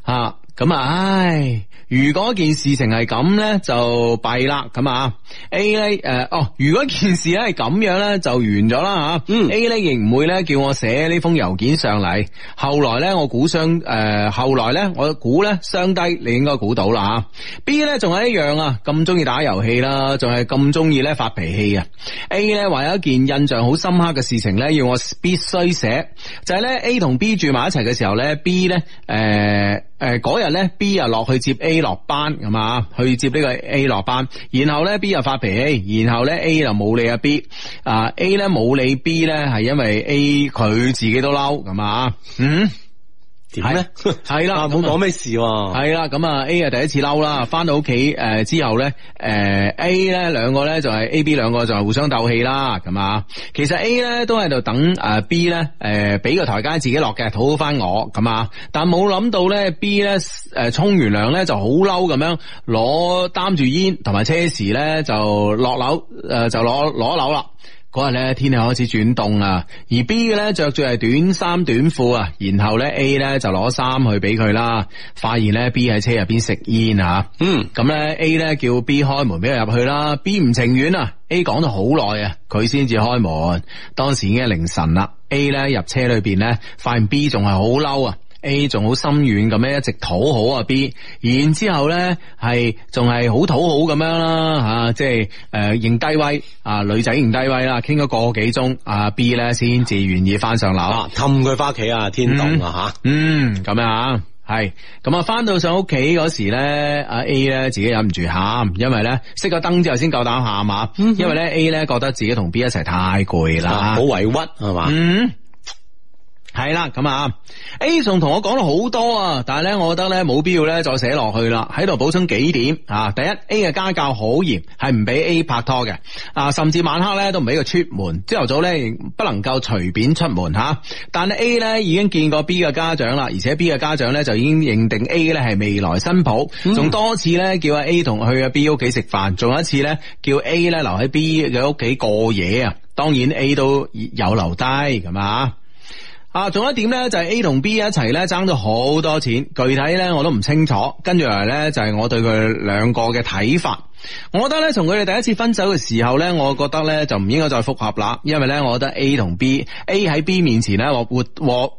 A: 吓，咁啊，唉。如果件事情係咁呢，就弊啦咁啊！A 呢？誒、呃、哦，如果件事咧係咁樣咧，就完咗啦吓。嗯，A 呢？亦唔會呢？叫我寫呢封郵件上嚟。後來呢，我估雙誒，後來咧我估呢，雙低，你應該估到啦吓。B 呢？仲係一樣啊，咁中意打遊戲啦，仲係咁中意呢發脾氣啊。A 呢？話有一件印象好深刻嘅事情呢，要我必須寫，就係、是、呢 A 同 B 住埋一齊嘅時候呢 B 呢？誒、呃。誒、呃，嗰日咧，B 啊落去接 A 落班，咁啊，去接呢個 A 落班，然後咧 B 又發脾氣，然後咧 A 就冇理啊 B，啊、呃、A 咧冇理 B 咧係因為 A 佢自己都嬲，咁啊，嗯。係咧，係啦，冇講咩事喎，啊。係啦，咁啊 A 啊第一次嬲啦，翻到屋企誒之後咧，誒 A 咧兩個咧就係、是、A B 兩個就係互相鬥氣啦，咁啊，其實 A 咧都喺度等誒 B 咧誒俾個台階自己落嘅，討翻我咁啊，但冇諗到咧 B 咧誒沖完涼咧就好嬲咁樣攞擔住煙同埋車匙咧就落樓誒就攞攞樓啦。嗰日咧，天氣開始轉凍啦，而 B 嘅咧着住係短衫短褲啊，然後咧 A 咧就攞衫，去俾佢啦。發現咧 B 喺車入邊食煙啊，嗯，咁咧 A 咧叫 B 開門俾佢入去啦，B 唔情願啊，A 講咗好耐啊，佢先至開門。當時已經係凌晨啦，A 咧入車裏邊咧，發現 B 仲係好嬲啊。A 仲好心軟咁樣一直討好，B 討好啊 B，然之後咧係仲係好討好咁樣啦吓，即係誒、呃、認低威啊、呃、女仔認低威啦，傾咗個幾鐘阿 B 咧先至願意翻上樓，氹佢翻屋企啊天凍啊吓，嗯咁、嗯、啊係，係，咁啊翻到上屋企嗰時咧，阿 A 咧自己忍唔住喊，因為咧熄咗燈之後先夠膽喊啊，因為咧、嗯、A 咧覺得自己同 B 一齊太攰啦，好、啊、委屈係嘛。係啦，咁啊，A 仲同我講咗好多啊，但係咧，我覺得咧冇必要咧再寫落去啦。喺度補充幾點啊，第一，A 嘅家教好嚴，係唔俾 A 拍拖嘅啊，甚至晚黑咧都唔俾佢出門，朝頭早咧不能夠隨便出門吓、啊。但係 A 咧已經見過 B 嘅家長啦，而且 B 嘅家長咧就已經認定 A 咧係未來新抱，仲、嗯、多次咧叫阿 A 同去阿 B 屋企食飯，仲有一次咧叫 A 咧留喺 B 嘅屋企過夜啊。當然 A 都有留低咁啊。啊，仲有一點咧，就係 A 同 B 一齊咧爭咗好多錢，具體咧我都唔清楚。跟住嚟咧就係我對佢兩個嘅睇法。我覺得咧，從佢哋第一次分手嘅時候咧，我覺得咧就唔應該再復合啦。因為咧，我覺得 A 同 B，A 喺 B 面前咧活活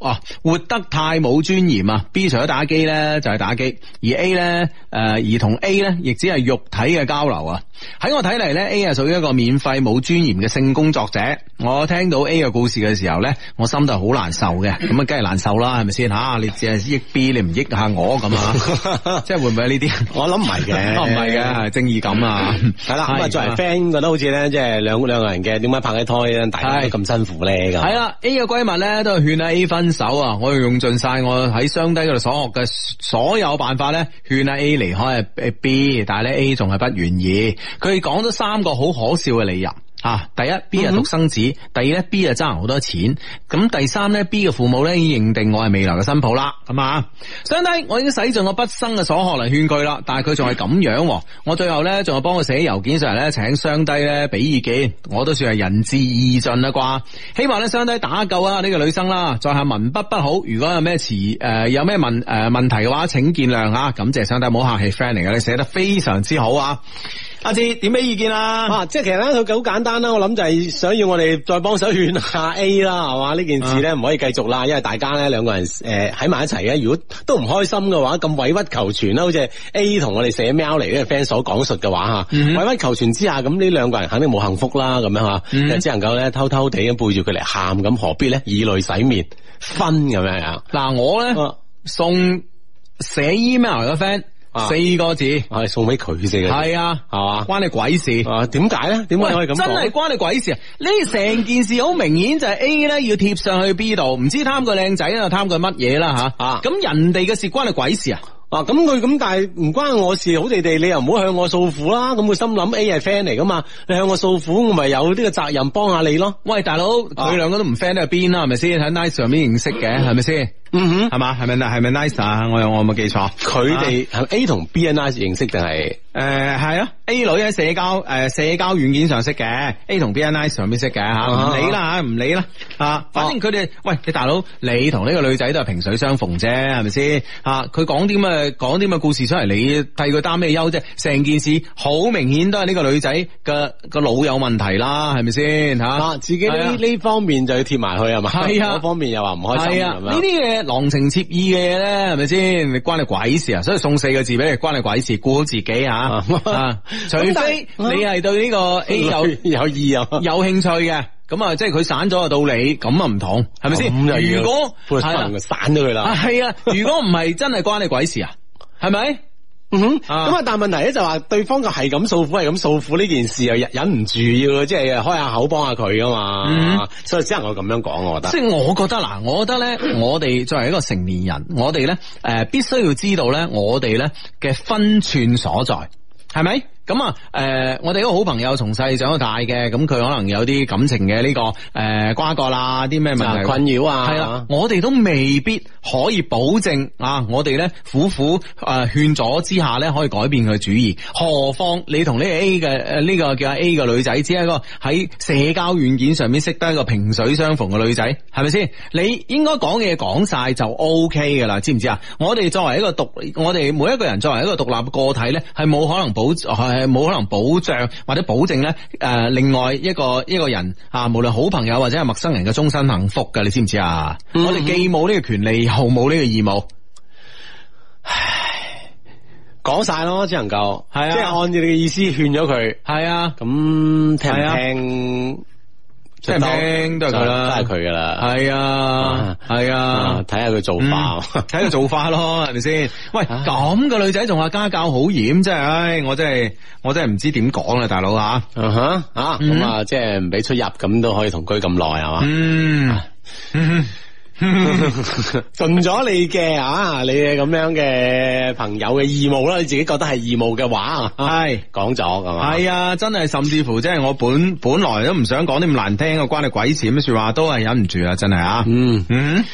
A: 哦活得太冇尊嚴啊。B 除咗打機咧就係打機，而 A 咧誒而同 A 咧亦只係肉體嘅交流啊。喺我睇嚟咧，A 係屬於一個免費冇尊嚴嘅性工作者。我聽到 A 嘅故事嘅時候咧，我心都好難受。嘅，咁啊，梗係難受啦，係咪先吓？你只係益 B，你唔益下我咁啊？ <laughs> 即係會唔會呢啲？我諗唔係嘅，唔係嘅，正義感啊！係、嗯、啦，咁啊，作為 friend，覺得好似咧，即係兩兩個人嘅點解拍緊拖大家咁辛苦咧？咁係啦，A 嘅閨蜜咧都係勸 A 分手啊！我要用盡晒我喺雙低嗰度所學嘅所有辦法咧，勸 A 離開 B，但係咧 A 仲係不願意。佢講咗三個好可笑嘅理由。啊！第一 B 係獨生子，嗯、第二咧 B 係爭好多錢，咁第三咧 B 嘅父母咧已經認定我係未來嘅新抱啦。咁、嗯、啊，相帝，我已經使盡我畢生嘅所學嚟勸佢啦，但係佢仲係咁樣、嗯。我最後咧仲係幫佢寫郵件上嚟咧，請相帝咧俾意見，我都算係仁至義盡啦啩。希望咧相帝打救啊呢個女生啦。再下文筆不，不好，如果有咩詞誒有咩問誒問題嘅話，請見諒吓。感謝相帝，唔好客氣，friend 嚟嘅，你寫得非常之好啊。阿志點咩意見啊？啊，即係其實咧，佢好簡單啦。我諗就係想要我哋再幫手勸下 A 啦， <laughs> 係嘛，呢件事咧唔可以繼續啦。因為大家咧兩個人誒喺埋一齊嘅，如果都唔開心嘅話，咁委屈求全啦，好似 A 同我哋寫 mail 嚟，呢個 friend 所講述嘅話吓、嗯，委屈求全之下，咁呢兩個人肯定冇幸福啦。咁樣吓，即係只能夠咧偷偷哋咁背住佢嚟喊咁，何必咧以淚洗面分咁樣啊？嗱，我、啊、咧送寫 email 嘅 friend。四個字係送俾佢哋嘅。係啊，係嘛、啊啊，關你鬼事？點解咧？點解可以咁講？真係關你鬼事啊！呢 <laughs> 成件事好明顯就係 A 咧要貼上去 B 度，唔知貪個靚仔啊，貪個乜嘢啦吓吓？咁人哋嘅事關你鬼事啊？啊咁佢咁，但係唔關我事，好地地，你又唔好向我訴苦啦。咁佢心諗 A 係 friend 嚟噶嘛你向我訴苦，我咪有呢個責任幫下你咯。喂，大佬，佢、啊、兩個都唔 friend 喺邊啦，係咪先喺 nice 上面認識嘅，係咪先？嗯嗯哼，係嘛？係咪？係咪？Nice 有有啊！我我冇記錯，佢哋 A 同 B in Nice 認識定係誒係啊？A 女喺社交誒、呃、社交軟件上識嘅，A 同 B in Nice 上邊識嘅吓，唔、啊、理啦吓，唔、啊、理啦啊，理啊！反正佢哋喂，你大佬你同呢個女仔都係萍水相逢啫，係咪先吓？佢講啲咁嘅講啲咁嘅故事出嚟，你替佢擔咩憂啫？成件事好明顯都係呢個女仔嘅、個腦有問題啦，係咪先吓？自己呢呢、啊、方面就要貼埋去係嘛？係啊，嗰方面又話唔開心，啊，呢啲嘢。狼情妾意嘅嘢咧，係咪先？關你鬼事啊！所以送四個字俾你，關你鬼事，顧好自己啊！ <laughs> 除非你係對呢個 A 有 <laughs> 有意有意啊，有興趣嘅，咁 <laughs> 如果 <laughs> 啊，即係佢散咗就到你，咁啊唔同，係咪先？如果係散咗佢啦，係啊！如果唔係，真係關你鬼事啊？係咪？哼、嗯，咁啊，但係問題咧就話，對方就係咁訴苦，係咁訴苦呢件事又忍唔住要即係開下口幫下佢㗎嘛，嗯，所以只能夠咁樣講，我覺得。即係我覺得嗱， <coughs> 我覺得咧，我哋作為一個成年人，我哋咧誒，必須要知道咧，我哋咧嘅分寸所在，係咪？咁啊，誒、呃，我哋一個好朋友從細長到大嘅，咁佢可能有啲感情嘅呢、這個誒、呃呃、瓜葛啦，啲咩問題、就是、困擾啊？係啦、啊啊，我哋都未必可以保證啊，我哋咧苦苦誒、呃、勸阻之下咧，可以改變佢主意，何況你同呢個 A 嘅誒呢個叫 A 嘅女仔，只係一個喺社交軟件上面識得一個萍水相逢嘅女仔，係咪先？你應該講嘢講晒就 OK 噶啦，知唔知啊？我哋作為一個獨，我哋每一個人作為一個獨立個體咧，係冇可能保。哎誒，冇可能保障或者保證咧，誒，另外一個一個人啊，無論好朋友或者係陌生人嘅終身幸福嘅，你知唔知啊、嗯？我哋既冇呢個權利，又冇呢個義務。唉，講晒咯，只能夠係啊，即係按照你嘅意思勸咗佢。係啊，咁聽唔聽？聽唔聽都係佢啦，都係佢噶啦，係啊，係啊，睇下佢做法，睇、嗯、佢 <laughs> 做法咯，係咪先？喂，咁、啊、嘅女仔仲話家教好嚴，真係，我真係，我真係唔知點講啊，大佬啊！吓吓，咁啊，即係唔俾出入，咁都可以同居咁耐，係嘛？嗯。啊就是盡 <laughs> 咗你嘅啊，你嘅咁樣嘅朋友嘅義務啦，你自己覺得係義務嘅話，係講咗咁係啊，真係甚至乎即係我本本來都唔想講啲咁難聽嘅關你鬼事咁嘅說話，都係忍唔住啊，真係啊，嗯嗯。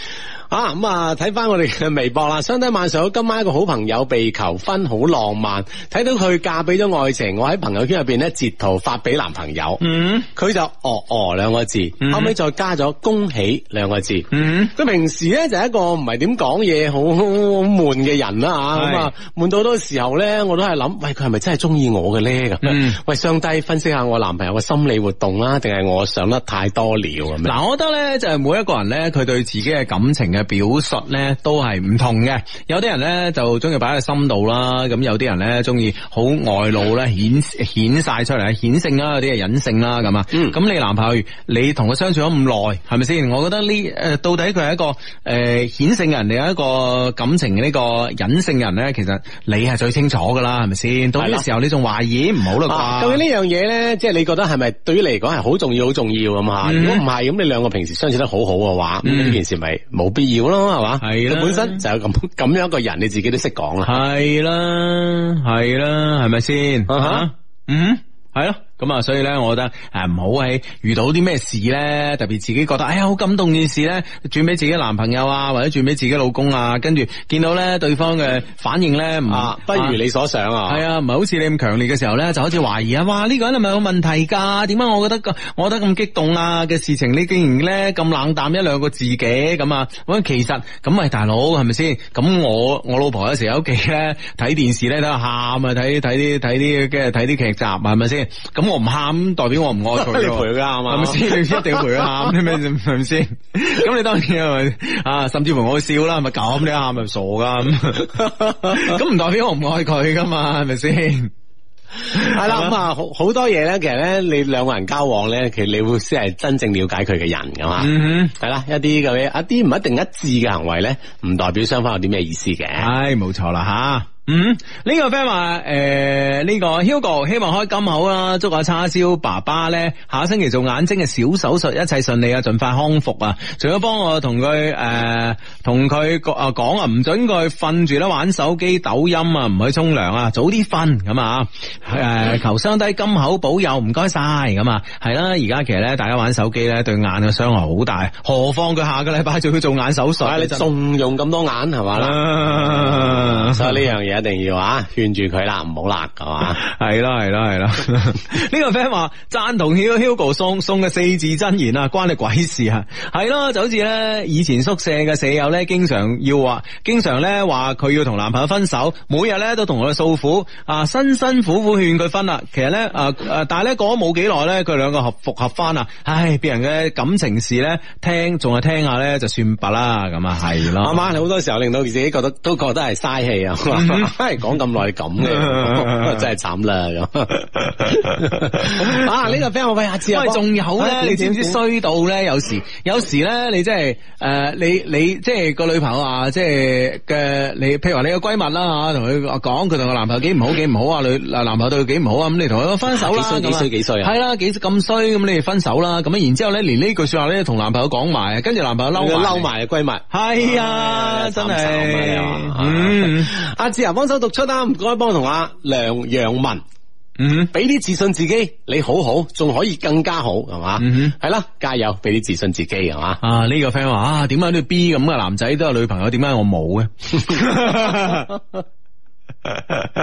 A: 啊咁啊，睇翻我哋嘅微博啦，相帝晚上好！今晚一個好朋友被求婚，好浪漫，睇到佢嫁俾咗愛情，我喺朋友圈入邊咧截圖發俾男朋友，嗯，佢就哦哦兩個字，後尾再加咗恭喜兩個字，嗯，佢、嗯、平時咧就係一個唔係點講嘢，好好悶嘅人啦吓，咁啊悶到好多時候咧，我都係諗，喂佢係咪真係中意我嘅咧？咁、嗯，喂上帝分析下我男朋友嘅心理活動啦，定係我想得太多了咁？嗱、啊，我覺得咧就係每一個人咧，佢對自己嘅感情嘅。表述咧都係唔同嘅，有啲人咧就中意擺喺個心度啦，咁有啲人咧中意好外露咧顯顯曬出嚟，顯性啦，有啲係隱性啦，咁啊，咁你男朋友你同佢相處咗咁耐，係咪先？我覺得呢誒到底佢係一個誒顯性嘅人，定係一個感情嘅呢個隱性人咧？其實你係最清楚噶啦，係咪先？到呢個時候你仲懷疑唔好啦啩？究竟呢樣嘢咧，即係你覺得係咪對於你嚟講係好重要、好重要咁吓？如果唔係，咁你兩個平時相處得好好嘅話，呢件事咪冇必？搖咯，係嘛？係啦，本身就有咁咁樣一個人，你自己都識講啦。係啦，係啦，係咪先？吓、啊啊啊，嗯，係咯、啊。咁啊，所以咧，我覺得誒唔好喺遇到啲咩事咧，特別自己覺得哎呀好感動件事咧，轉俾自己男朋友啊，或者轉俾自己老公啊，跟住見到咧對方嘅反應咧，唔、啊、不如你所想啊，係啊，唔係、啊、好似你咁強烈嘅時候咧，就好似懷疑啊，哇呢、這個人係咪有問題噶，點解我覺得我覺得咁激動啊嘅事情，你竟然咧咁冷淡一兩個自己？」咁啊？其實咁係大佬係咪先？咁我我老婆有時喺屋企咧睇電視咧都喊啊，睇睇啲睇啲嘅睇啲劇集係咪先？咁。我唔喊，代表我唔愛佢喎，你陪佢喊嘛？係咪先？一定要陪佢喊，係咪先？咁你當然係咪啊？甚至乎我笑啦，係咪咁？你喊咪傻噶？咁 <laughs> 唔 <laughs> 代表我唔愛佢噶嘛？係咪先？
B: 係 <laughs>
A: 啦， <laughs> 咁啊，好好多嘢咧。其實咧，你兩個人交往咧，其實你會先係真正了解佢嘅人噶嘛？係、嗯、啦，一啲咁嘅，一啲唔一定一致嘅行為咧，唔代表雙方有啲咩意思嘅。係，冇錯啦，吓。嗯，呢、這個 friend 話誒，呢、欸這個 Hugo 希望開金口啦，祝阿叉燒爸爸咧下星期做眼睛嘅小手術，一切順利盡、呃、啊，盡快康復啊。除咗幫我同佢誒，同佢啊講啊，唔準佢瞓住啦玩手機、抖音啊，唔去沖涼啊，早啲瞓咁啊。誒，求上帝金口保佑，唔該晒。咁啊。係啦，而家其實咧，大家玩手機咧，對眼嘅傷害好大，何況佢下個禮拜仲要做眼手術，重用咁多眼係嘛啦。啊、 <laughs> 所以呢樣嘢。一定要啊，勸住佢啦，唔好啦，㗎 <laughs> 嘛？係囉，係囉，係 <laughs> 囉。 <laughs> 呢個 friend 話贊同 Hugo 送送嘅四字真言啊，關你鬼事啊？係咯，就好似咧以前宿舍嘅舍友咧，經常要話，經常咧話佢要同男朋友分手，每日咧都同佢訴苦啊，辛辛苦苦勸佢分啦。其實咧啊誒，但係咧過咗冇幾耐咧，佢兩個復合復合翻啊！唉，別人嘅感情事咧聽，仲係聽下咧就算白啦，咁啊係咯。阿媽，好多時候令到自己覺得都覺得係嘥氣啊。 <laughs> 係講咁耐咁嘅， <laughs> 真係慘啦
B: 咁。啊呢個
A: friend 喂阿志，仲有咧？你知唔知衰到咧？猜猜有時，猜猜有時咧你即係誒，你、就是呃、你即係個女朋友啊，即係嘅你，譬如話你個閨蜜啦吓，同佢講佢同個男朋友幾唔好，幾唔好啊女男朋友對佢幾唔好啊，咁你同佢分手啦，幾衰幾衰？啊？係啦，幾咁、啊、衰咁，你哋分手啦。咁然之後咧，連呢句說話咧同男朋友講埋，跟住男朋友嬲嬲埋閨蜜。係啊，啊，真係阿志。幫手讀出啦，唔該，幫我同阿梁楊文，嗯，俾啲自信自己，你好好，仲可以更加好，係嘛，嗯哼，係啦，加油，俾啲自信自己，係嘛，啊，呢個 friend 話啊，點解你 B 咁嘅男仔都有女朋友，點解我冇嘅？ <laughs> <laughs>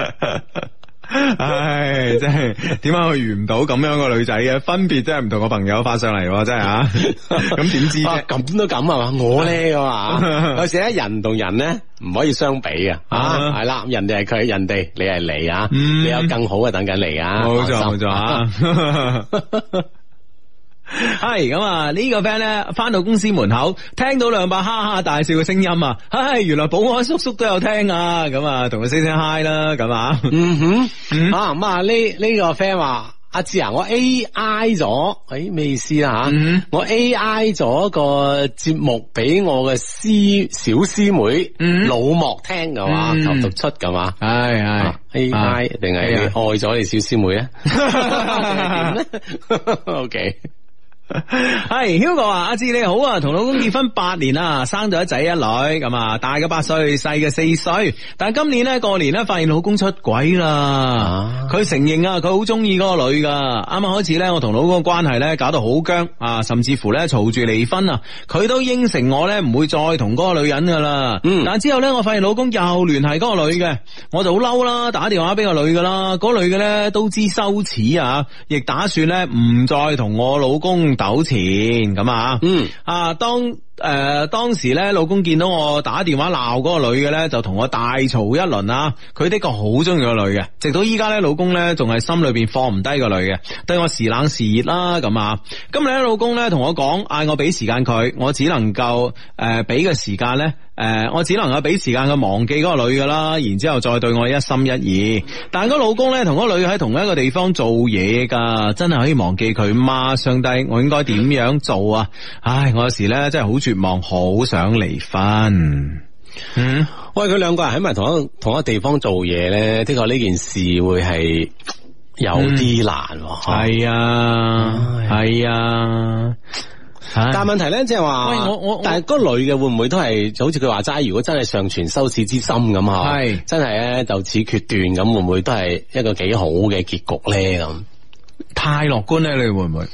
A: 唉、哎，真係點解佢遇唔到咁樣個女仔嘅？分別真係唔同個朋友發上嚟，真係啊！咁、啊、點、啊啊啊、知咁都咁啊！我呢我話有時咧，人同人咧唔可以相比啊，啊係、啊、啦，人哋係佢，人哋你係你啊，你有更好嘅等緊你、嗯、啊！冇錯冇錯啊！啊 <laughs> 係咁啊！呢個 friend 咧，翻到公司門口，聽到兩把哈哈大笑嘅聲音啊！唉，原來保安叔叔都有聽啊！咁啊，同佢聲聲嗨啦咁、mm -hmm. mm -hmm. 啊！嗯哼，啊咁啊呢呢個 friend 話：阿志啊，我 A I 咗，誒咩意思啊？吓？Mm -hmm. 我 A I 咗個節目俾我嘅師小師妹、mm -hmm. 老莫
B: 聽嘅、mm -hmm. 嘛，求熟
A: 出嘅嘛。係係 A I 定係愛咗你，你小師妹
B: 啊？O K。 <laughs> <laughs> 係、hey, Hugo 啊，
A: 阿志你好啊，同老公結婚八年啦，生咗一仔一女，咁啊大嘅八歲，細嘅四歲，但係今年呢，過年呢，發現老公出軌啦，佢、啊、承認啊佢好中意嗰個女噶，啱啱開始呢，我同老公關係呢，搞到好僵啊，甚至乎呢，嘈住離婚啊，佢都應承我呢，唔會再同嗰個女人噶啦，嗯，但之後呢，我發現老公又聯繫嗰個女嘅，我就好嬲啦，打電話俾個女噶啦，嗰、嗰個、女嘅呢，都知羞恥啊，亦打算呢，唔再同我老公。糾纏咁啊，嗯啊當。誒、呃，當時咧，老公見到我打電話鬧個女嘅咧，就同我大嘈一輪啊，佢的確好中意個女嘅，直到依家咧，老公咧仲係心裏邊放唔低個女嘅，對我時冷時熱啦、啊、咁啊。今日咧，老公咧同我講，嗌我俾時間佢，我只能夠誒俾個時間咧，誒、呃、我只能夠俾時間佢忘記個女噶啦。然之後再對我一心一意。但係嗰老公咧同個女喺同一個地方做嘢噶，真係可以忘記佢嗎？上帝，我應該點樣做啊？唉，我有時咧真係好絕。絕望，好想離婚。嗯，喂，佢兩個人喺埋同一同一地方做嘢咧，的確呢件事會係有啲難。係、嗯、啊，係、嗯、啊、哎哎哎。但係問題咧，即係話，我我，但係嗰女嘅會唔會都係好似佢話齋，如果真係上傳羞恥之心咁吓，係真係咧就此決斷咁，會唔會都係一個幾好嘅結局咧咁？太樂觀咧，你會唔會？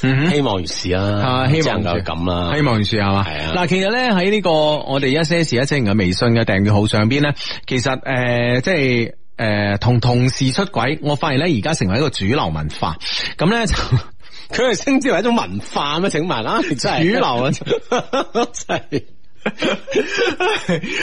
A: 希望如是啊，即、嗯、係能夠咁啦。希望如是係嘛？嗱，其實咧喺呢個我哋一些事一些情嘅微信嘅訂閱號上邊咧，其實誒，即係誒，同同事出軌，我發現咧而家成為一個主流文化。咁咧就佢係 <laughs> 稱之為一種文化咁請埋啦，係 <laughs> 主流啊文，係。 <laughs> <laughs> <laughs>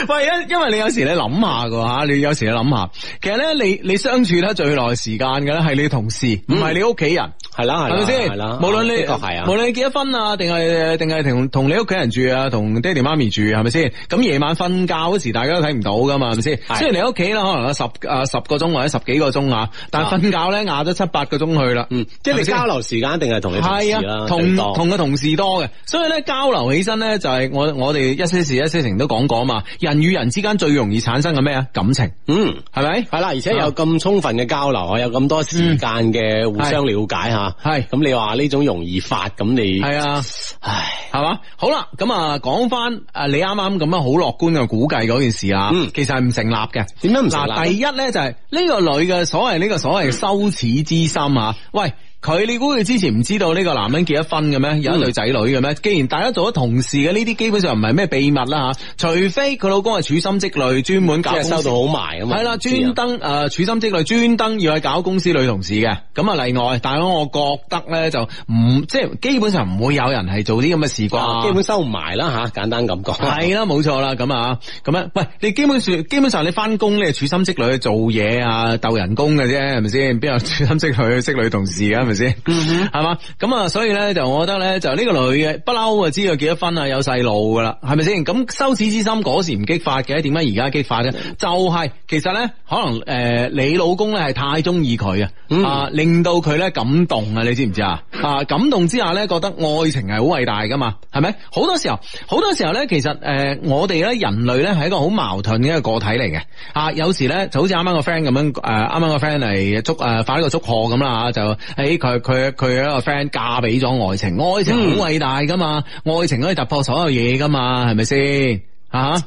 A: 喂，因因為你有時你諗下噶吓，你有時你諗下，其實咧你你相處得最耐時間嘅咧係你同事，唔、嗯、係你屋企人，係啦係咪先？係啦，無論你，的確係啊，無論你結咗婚啊，定係定係同同你屋企人住啊，同爹哋媽咪住係咪先？咁夜晚瞓覺嗰時，大家都睇唔到噶嘛，係咪先？雖然你屋企啦，可能有十啊十個鐘或者十幾個鐘吓，但係瞓覺咧壓咗七八個鐘去啦，嗯，即係你交流時間一定係同你係啊，同同個同事多嘅，所以咧交流起身咧就係我我哋一。些事一些情都講過嘛，人與人之間最容易產生嘅咩啊感情，嗯，係咪係啦，而且有咁充分嘅交流啊，有咁多時間嘅互相了解吓，係、嗯、咁你話呢種容易發咁你係啊，唉係嘛，好啦咁啊講翻啊你啱啱咁樣好樂觀嘅估計嗰件事啊、嗯，其實係唔成立嘅，點樣唔成立？嗱第一咧就係呢個女嘅所謂呢個所謂羞恥之心啊、嗯。喂。佢你估佢之前唔知道呢個男人結咗婚嘅咩？嗯、有一對仔女嘅咩？既然大家做咗同事嘅呢啲，基本上唔係咩秘密啦吓。除非佢老公係處心積慮專門搞公司，門收到好埋咁。嘛、啊。係、啊、啦，專登誒處心積慮，專登要去搞公司女同事嘅。咁啊例外，但係我覺得咧就唔即係基本上唔會有人係做啲咁嘅事啩。基本收埋啦吓，簡單咁講。 <laughs> 係啦，冇錯啦，咁啊咁樣。喂，你基本上基本上你翻工咧處心積慮去做嘢啊，鬥人工嘅啫，係咪先？邊有處心積慮去識女同事啊？咪？ <laughs> Mm-hmm. 係嘛？咁啊，所以咧，就我覺得咧，就呢個女嘅不嬲啊，知佢幾多分啊，有細路噶啦，係咪先？咁羞恥之心嗰時唔激發嘅，點解而家激發咧？Mm-hmm. 就係其實咧，可能誒，你老公咧係太中意佢啊，令到佢咧感動啊，你知唔知啊？啊，感動之下咧，覺得愛情係好偉大噶嘛，係咪？好多時候，好多時候咧，其實誒，我哋咧人類咧係一個好矛盾嘅一個個體嚟嘅啊。有時咧，就好似啱啱個 friend 咁樣，誒，啱啱個 friend 嚟祝誒發呢個祝賀咁啦，就喺。欸佢佢佢有一個 friend 嫁俾咗愛情，愛情好偉大噶嘛，愛情可以突破所有嘢噶嘛，係咪先吓？啊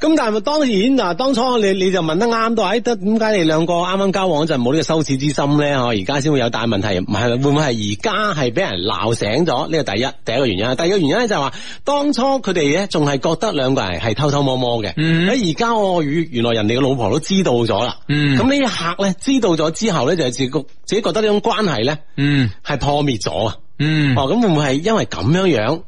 A: 咁但係當然嗱，當初你你就問得啱都話得，點解你兩個啱啱交往嗰陣冇呢個羞恥之心咧？嗬，而家先會有大問題，係會唔會係而家係俾人鬧醒咗？呢個第一第一個原因。第二個原因咧就係話，當初佢哋咧仲係覺得兩個人係偷偷摸摸嘅，喺而家我與原來人哋嘅老婆都知道咗啦。咁呢一刻咧知道咗之後咧，就自己覺得呢種關係咧，嗯，係破滅咗啊。嗯，哦，咁會唔會係因為咁樣樣？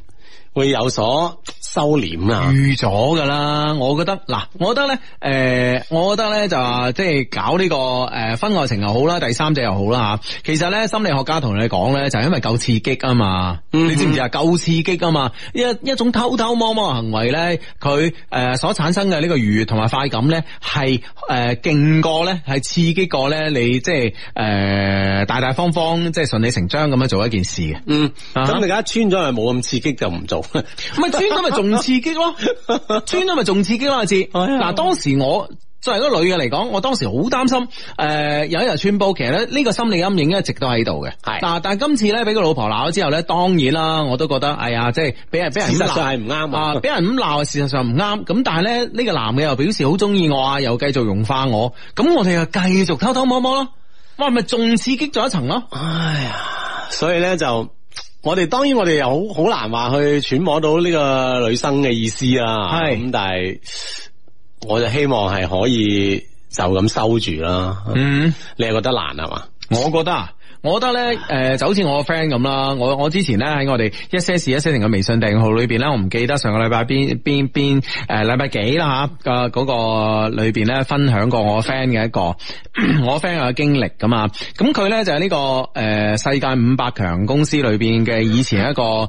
A: 會有所收斂啊，預咗㗎啦。我覺得嗱，我覺得咧，誒、呃，我覺得咧就話即係搞呢個誒婚外情又好啦，第三者又好啦吓。其實咧，心理學家同你講咧，就係、是、因為夠刺激啊嘛、嗯。你知唔知啊？夠刺激啊嘛！一一種偷偷摸摸嘅行為咧，佢誒所產生嘅呢個愉悦同埋快感咧，係誒、呃、勁過咧，係刺激過咧你即係誒大大方方即係順理成章咁樣做一件事嘅。嗯，咁你而家穿咗係冇咁刺激就唔做。咪係穿都咪仲刺激咯，穿都咪仲刺激咯，阿志。嗱，當時我作為嗰個女嘅嚟講，我當時好擔心。誒、呃，有一日穿煲，其實咧呢個心理陰影一直都喺度嘅。係嗱，但係今次咧俾個老婆鬧咗之後咧，當然啦，我都覺得哎呀，即係俾人俾人咁鬧啊，俾人咁鬧，事實上唔啱。咁、啊、但係咧呢、這個男嘅又表示好中意我啊，又繼續融化我。咁我哋又繼續偷偷摸摸咯。哇，咪仲刺激咗一層咯。哎呀，所以咧就。我哋當然我哋又好好難話去揣摩到呢個女生嘅意思啦，係，咁但係我就希望係可以就咁收住啦。嗯，你係覺得難係嘛？我覺得啊。我覺得咧，誒就好似我個 friend 咁啦，我我之前咧喺我哋一些事一些情嘅微信訂號裏邊咧，我唔記得上個禮拜邊邊邊誒禮拜幾啦嚇嘅嗰個裏邊咧分享過我個 friend 嘅一個我個 friend 嘅經歷咁啊，咁佢咧就係呢、這個誒、呃、世界五百強公司裏邊嘅以前一個誒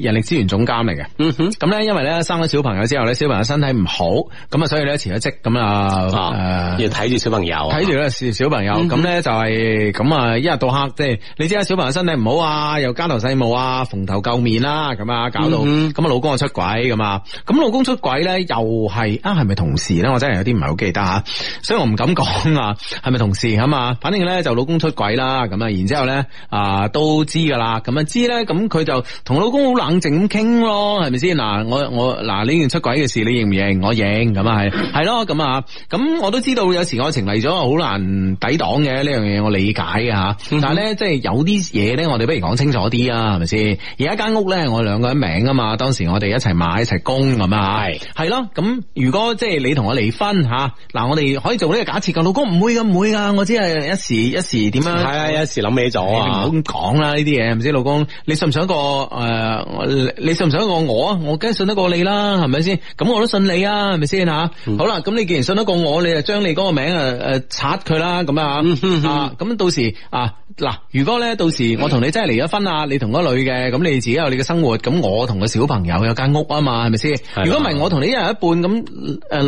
A: 人力資源總監嚟嘅。嗯哼，咁咧因為咧生咗小朋友之後咧，小朋友身體唔好，咁啊所以咧辭咗職咁啊，誒、哦呃、要睇住小朋友，睇住咧是小朋友，咁、嗯、咧就係咁啊一日到黑。即、就、係、是、你知啦，小朋友身體唔好啊，又家頭細務啊，逢頭垢面啦、啊，咁啊，搞到咁啊、mm -hmm.，老公又出軌咁啊，咁老公出軌咧，又係啊，係咪同事咧？我真係有啲唔係好記得吓，所以我唔敢講啊，係咪同事咁啊？反正咧就老公出軌啦，咁啊，然之後咧啊都知噶啦，咁啊知咧，咁佢就同老公好冷靜咁傾咯，係咪先？嗱、啊，我我嗱呢件出軌嘅事，你認唔認？我認，咁啊係係咯，咁啊，咁、 <laughs> 啊啊啊、我都知道有時愛情嚟咗好難抵擋嘅呢樣嘢，我理解嘅咧、嗯嗯，即係有啲嘢咧，我哋不如講清楚啲啊，係咪先？而家間屋咧，我兩個人名啊嘛，當時我哋一齊買一齊供咁啊，係係咯。咁如果即係你同我離婚吓，嗱、啊，我哋可以做呢個假設噶，老公唔會咁唔會噶，我只係一時一時點樣，係一時諗起咗啊。唔好咁講啦，呢啲嘢係咪先？老公，你信唔想得過信唔信得過誒？你信唔信得過我啊？我梗係信得過你啦，係咪先？咁我都信你啊，係咪先吓？好啦，咁你既然信得過我，你就將你嗰個名誒誒拆佢啦，咁、呃嗯、啊吓，咁到時啊。嗱，如果咧到時我同你真係離咗婚啊，你同個女嘅，咁你自己有你嘅生活，咁我同個小朋友有間屋啊嘛，係咪先？如果唔係，我同你一人一半咁，誒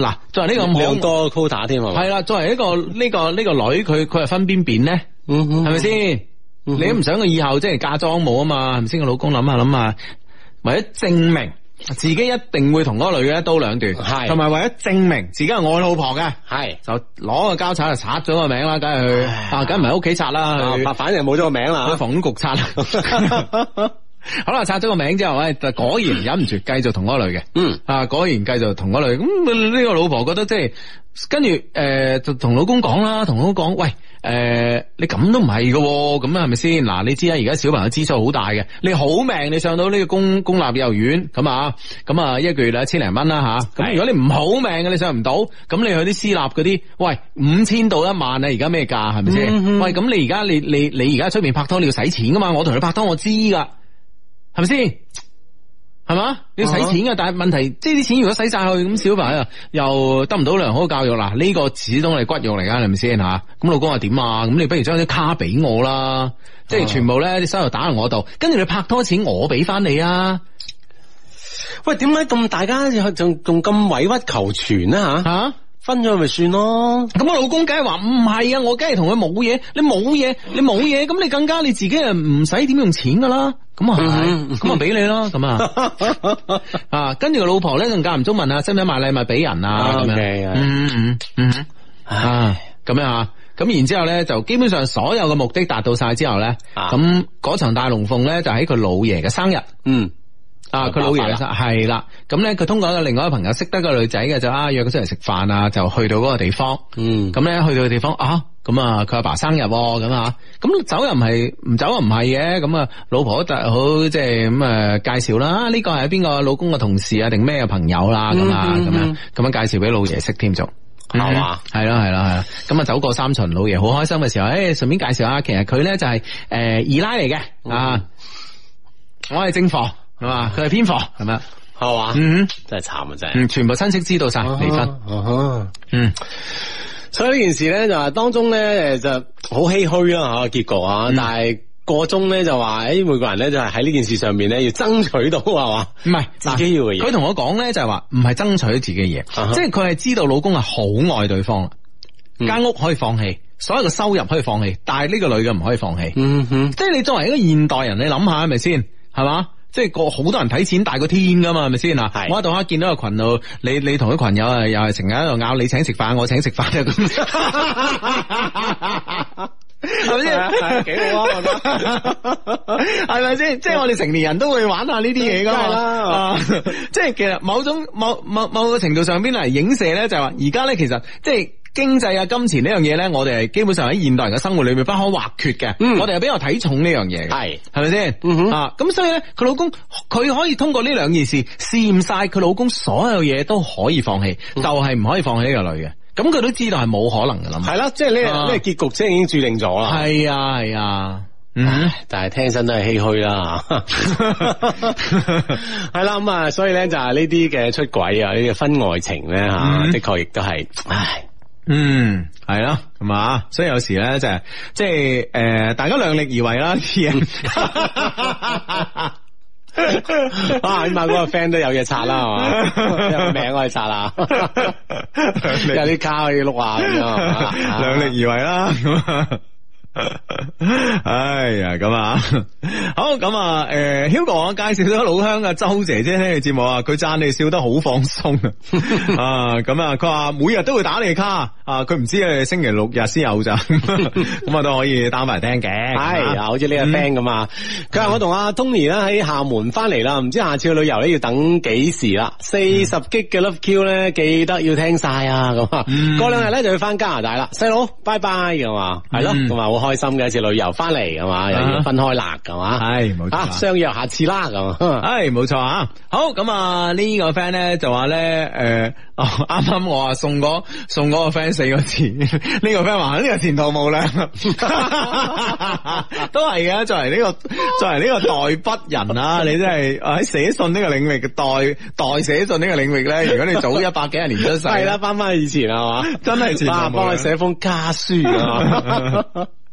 A: 嗱，作為呢、這個兩個 quota 添係嘛？係啦，作為一個、這個呢、這個呢、這個女，佢佢係分邊邊咧？嗯，係咪先？Uh -huh. 你唔想佢以後即係嫁妝冇啊嘛？係咪先？個老公諗下諗下，為咗證明。自己一定會同嗰個女嘅一刀兩斷，係，同埋為咗證明自己係我老婆嘅，係，就攞個膠鏟就拆咗個名啦，梗係佢，啊，梗唔喺屋企拆啦，反正冇咗個名啦，喺房管局拆啦， <laughs> <laughs> 好啦，拆咗個名之後，喂，果然忍唔住繼續同嗰個女嘅，嗯，啊，果然繼續同嗰個女，咁、嗯、呢、這個老婆覺得即係、呃，跟住誒，就同老公講啦，同老公講，喂。誒、呃，你咁都唔係噶，咁啊係咪先？嗱，你知啦，而家小朋友支出好大嘅，你好命你上到呢個公公立幼兒園，咁啊，咁啊，一個月兩千零蚊啦吓。咁如果你唔好命嘅，你上唔到，咁你去啲私立嗰啲，喂，五千到一萬啊，而家咩價係咪先？喂，咁你而家你你你而家出面拍拖你要使錢噶嘛？我同佢拍拖我知噶，係咪先？係嘛？你要使錢噶、啊，但係問題即係啲錢如果使晒去，咁小朋友又得唔到良好教育啦。呢、這個始終係骨肉嚟噶，係咪先吓？咁老公話點啊？咁你不如將啲卡俾我啦、啊，即係全部咧你收入打落我度，跟住你拍拖錢我俾翻你啊？喂，點解咁大家仲仲咁委屈求全啊？吓、啊？分咗咪算咯，咁我老公梗係話唔係啊，我梗係同佢冇嘢，你冇嘢，你冇嘢，咁你更加你自己係唔使點用錢噶啦，咁、就是、 <laughs> <laughs> 啊，咁啊俾你咯，咁啊，啊，跟住個老婆咧更加唔中問啊，使唔使買禮物俾人啊，咁樣，okay, 嗯嗯，
B: 嗯，
A: 唉，咁樣啊，咁然之後咧就基本上所有嘅目的達到晒之後咧，咁嗰層大龍鳳咧就喺佢老爺嘅生日，嗯。啊！佢老爺係啦，咁咧佢通過一個另外一個朋友識得個女仔嘅，就啊，約佢出嚟食飯啊，就去到嗰個地方。嗯，咁咧去到個地方啊，咁啊佢阿爸生日咁，就是呃、啊，咁走又唔係唔走又唔係嘅，咁啊老婆好即係咁啊介紹啦，呢個係邊個老公嘅同事啊，定咩嘅朋友啦咁啊咁樣咁樣介紹俾老爺識添仲係嘛？係啦，係啦，係，咁啊走過三巡，老爺好開心嘅時候，誒、欸，順便介紹下，其實佢咧就係誒二奶嚟嘅啊，我係正房。係嘛？佢係偏房係咪啊？係嘛、嗯？嗯，真係慘啊！真係，全部親戚知道晒離、啊、婚、啊，嗯，所以呢件事咧就話當中咧誒，就好唏噓啊。吓，結局啊、嗯。但係個中咧就話誒、欸，每個人咧就係喺呢件事上面咧要爭取到係嘛？唔係自己要嘅嘢。佢同我講咧就係話唔係爭取自己嘅嘢、啊，即係佢係知道老公係好愛對方啦，間、嗯、屋可以放棄，所有嘅收入可以放棄，但係呢個女嘅唔可以放棄、嗯。即係你作為一個現代人，你諗下係咪先？係嘛？是即係個好多人睇錢大過天噶嘛，係咪先？我喺度克見到個群度，你你同啲群友啊，又係成日喺度拗你請食飯，我請食飯啊
B: 咁，係咪先？幾好
A: 啊，係咪先？即 <laughs> 係我哋成年人都會玩下呢啲嘢噶啦， <laughs> <laughs> 即係其實某種某某某個程度上邊嚟影射咧，就係話而家咧其實即係。經濟啊，金錢呢樣嘢咧，我哋係基本上喺現代人嘅生活裏面不可或缺嘅。嗯、我哋係比較睇重呢樣嘢。係，係咪先？啊，咁所以咧，佢老公佢可以通過呢兩件事試驗晒佢老公所有嘢都可以放棄，嗯，就係、是、唔可以放棄呢個女嘅。咁佢都知道係冇可能嘅啦。係、嗯、啦、啊，即係呢呢個結局即係已經注定咗啦。係啊，係啊。嗯，但係聽身都係唏噓啦。係啦，咁啊，所以咧就係呢啲嘅出軌、嗯、啊，呢啲婚外情咧吓，的確亦都係
B: 唉。嗯，
A: 係咯，係、嗯、嘛，所以有時咧就係、是，即係誒、呃，大家量力而為啦啲嘢，啊，起碼嗰個 friend 都有嘢拆啦，係嘛，有個名可以拆啦，有啲卡可以碌下咁樣，量力而為啦 <laughs> 咁哎 <laughs> 呀，咁啊，好咁啊，誒、呃、Hugo，我介紹咗老鄉啊，周姐姐聽你節目啊，佢讚你笑得好放鬆 <laughs> 啊，咁啊，佢話每日都會打你卡啊，佢唔知係星期六日先有咋，咁 <laughs> 啊 <laughs> 都可以打埋聽嘅，係啊，好似呢個 friend 咁啊，佢、嗯、話我同阿 Tony 咧喺廈門翻嚟啦，唔、嗯、知下次去旅遊咧要等幾時啦，四十擊嘅 Love Q 咧記得要聽晒啊，咁啊、嗯，過兩日咧就要翻加拿大啦，細佬，拜拜咁嘛，係、嗯、咯，同埋我。嗯開心嘅一次旅遊翻嚟嘛，啊、有啲分開啦係嘛，係、哎啊啊、相約下次啦咁，係冇錯。好，咁啊，呢、哎啊、個 friend 咧就話咧，誒、呃，啱、哦、啱我啊送嗰、那個、送個 friend 四、個字，呢個 friend 話呢個前途冇啦， <laughs> 都係嘅。作為呢、這個作為呢個代筆人啊， <laughs> 你真係喺寫信呢個領域代代寫信呢個領域咧，如果你早一百幾廿年出世，係啦，翻翻以前係嘛，真係前途冇。幫我寫封家書啊！ <laughs>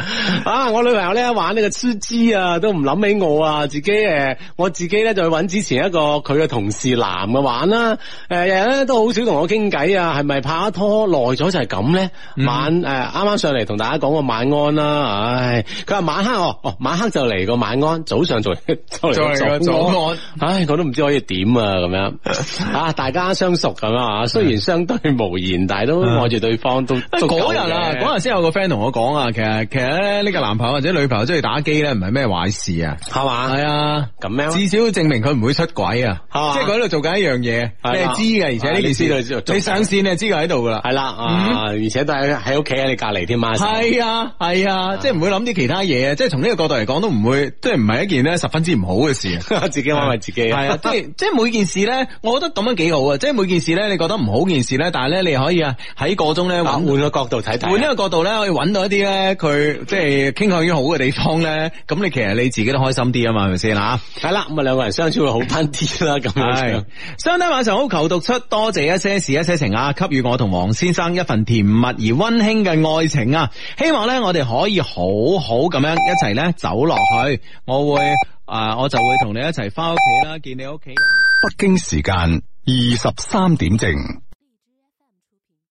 A: <laughs> 啊！我女朋友咧玩呢個痴機啊，都唔諗起我啊，自己誒、呃，我自己咧就去揾之前一個佢嘅同事男嘅玩啦。誒，日日咧都好少同我傾偈啊，係、呃、咪、啊、拍拖耐咗就係咁咧？晚誒、啱、嗯、啱、呃、上嚟同大家講個晚安啦、啊。唉，佢話晚黑哦，晚黑就嚟個晚安，早上就嚟個早安，早安。唉，我都唔知可以點啊，咁樣 <laughs> 啊，大家相熟咁樣啊，雖然相對無言，但係都愛住對方都。嗰、嗯、日啊，嗰日先有個 friend 同我講啊，其其實。其實呢個男朋友或者女朋友出去打機咧，唔係咩壞事啊，係嘛？係啊，咁樣至少證明佢唔會出軌啊，係嘛、啊，即係佢喺度做緊一樣嘢，你係知嘅，而且呢件事就、哎、你，你，你上線你就知佢喺度噶啦，係啦、啊啊，而且都係喺屋企喺你隔籬添啊，係啊係啊，即係唔會諗啲其他嘢啊，即係從呢個角度嚟講都唔會，即係唔係一件咧十分之唔好嘅事 <laughs> 我我啊，自己安慰自己即係即係每件事咧，我覺得咁樣幾好啊，即係每件事咧，你覺得唔好件事咧，但係咧你可以啊喺個中咧換換個角度睇睇，換一個角度咧可以搵到一啲咧佢。即係傾向於好嘅地方呢，咁你其實你自己都開心啲啊嘛，係咪先啊？係啦，咁啊兩個人相處會好翻啲啦，咁 <laughs> 樣。係，雙旦晚上好，求讀出多謝一些事，一些情啊，給予我同王先生一份甜蜜而溫馨嘅愛情啊！希望呢，我哋可以好好咁樣一齊呢走落去。我會，我就會同你一齊翻屋企啦，見你屋企人。北京時間二十三點正。